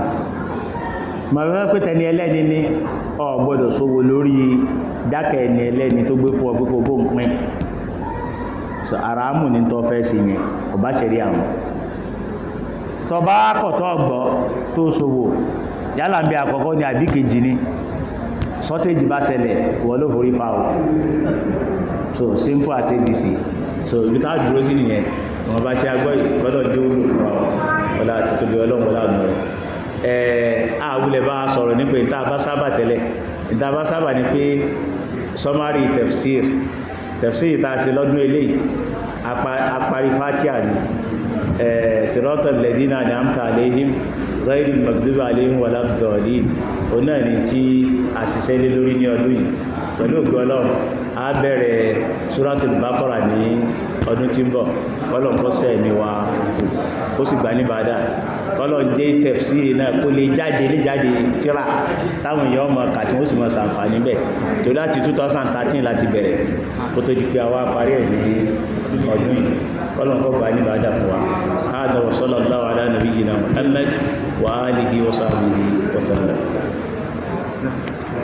mọ̀rán pé tẹni ẹlẹ́ni ni ọ gbọ́dọ̀ sówó lórí dákẹ̀ ẹni ẹlẹ́ni tó gbé fún ọ pé kò bó ń pín àràámù ní tọ́ fẹ́ sí yẹn ọba ṣẹ̀rí àwọn tọba kọ̀tọ́ ọgbọ́ tó sówó yálà ń bí àkọ́kọ́ ní àbí kejì ni sọ́tẹ́jì bá ṣẹlẹ̀ wọ́n ló forí fa o so simple as abc so ibi tá a dúró sí nìyẹn wọn bá ti agbọ́ ìkọ́lọ̀ dé wúlò fún wa ọ̀la àti tóbi ọlọ́run ọlá àdúrà àwùlẹ̀ bá sọ̀rọ̀ nípa ìta bá sábà tẹ́lẹ̀ ìta bá sábà ní pé summary tefsir tefsir ìta sí lọ́dún eléyìí apari fatia ni sirọ́tọ̀ lẹ́dínà ní àmta aléhìm zairi magduba aléhìm wà látọ̀ọ̀lì onáà ni tí àṣìṣẹ́ lé lórí ní ọdún yìí pẹ̀lú ògbọ́lọ́ kọ́lọ̀ jẹ́ tẹ̀fsí náà kó lè jáde lè jáde tíra táwọn èèyàn ọmọ kàtí wọ́n sì mọ̀ sàǹfààní bẹ̀ tó láti 2013 láti bẹ̀rẹ̀ kó tó di pé àwa parí ẹ̀ ní ọdún yìí kọ́lọ̀ kọ́ gbà nígbà dà fún wa hada wa sallallahu ala nabiyyina muhammad wa alihi wa sahbihi wa sallam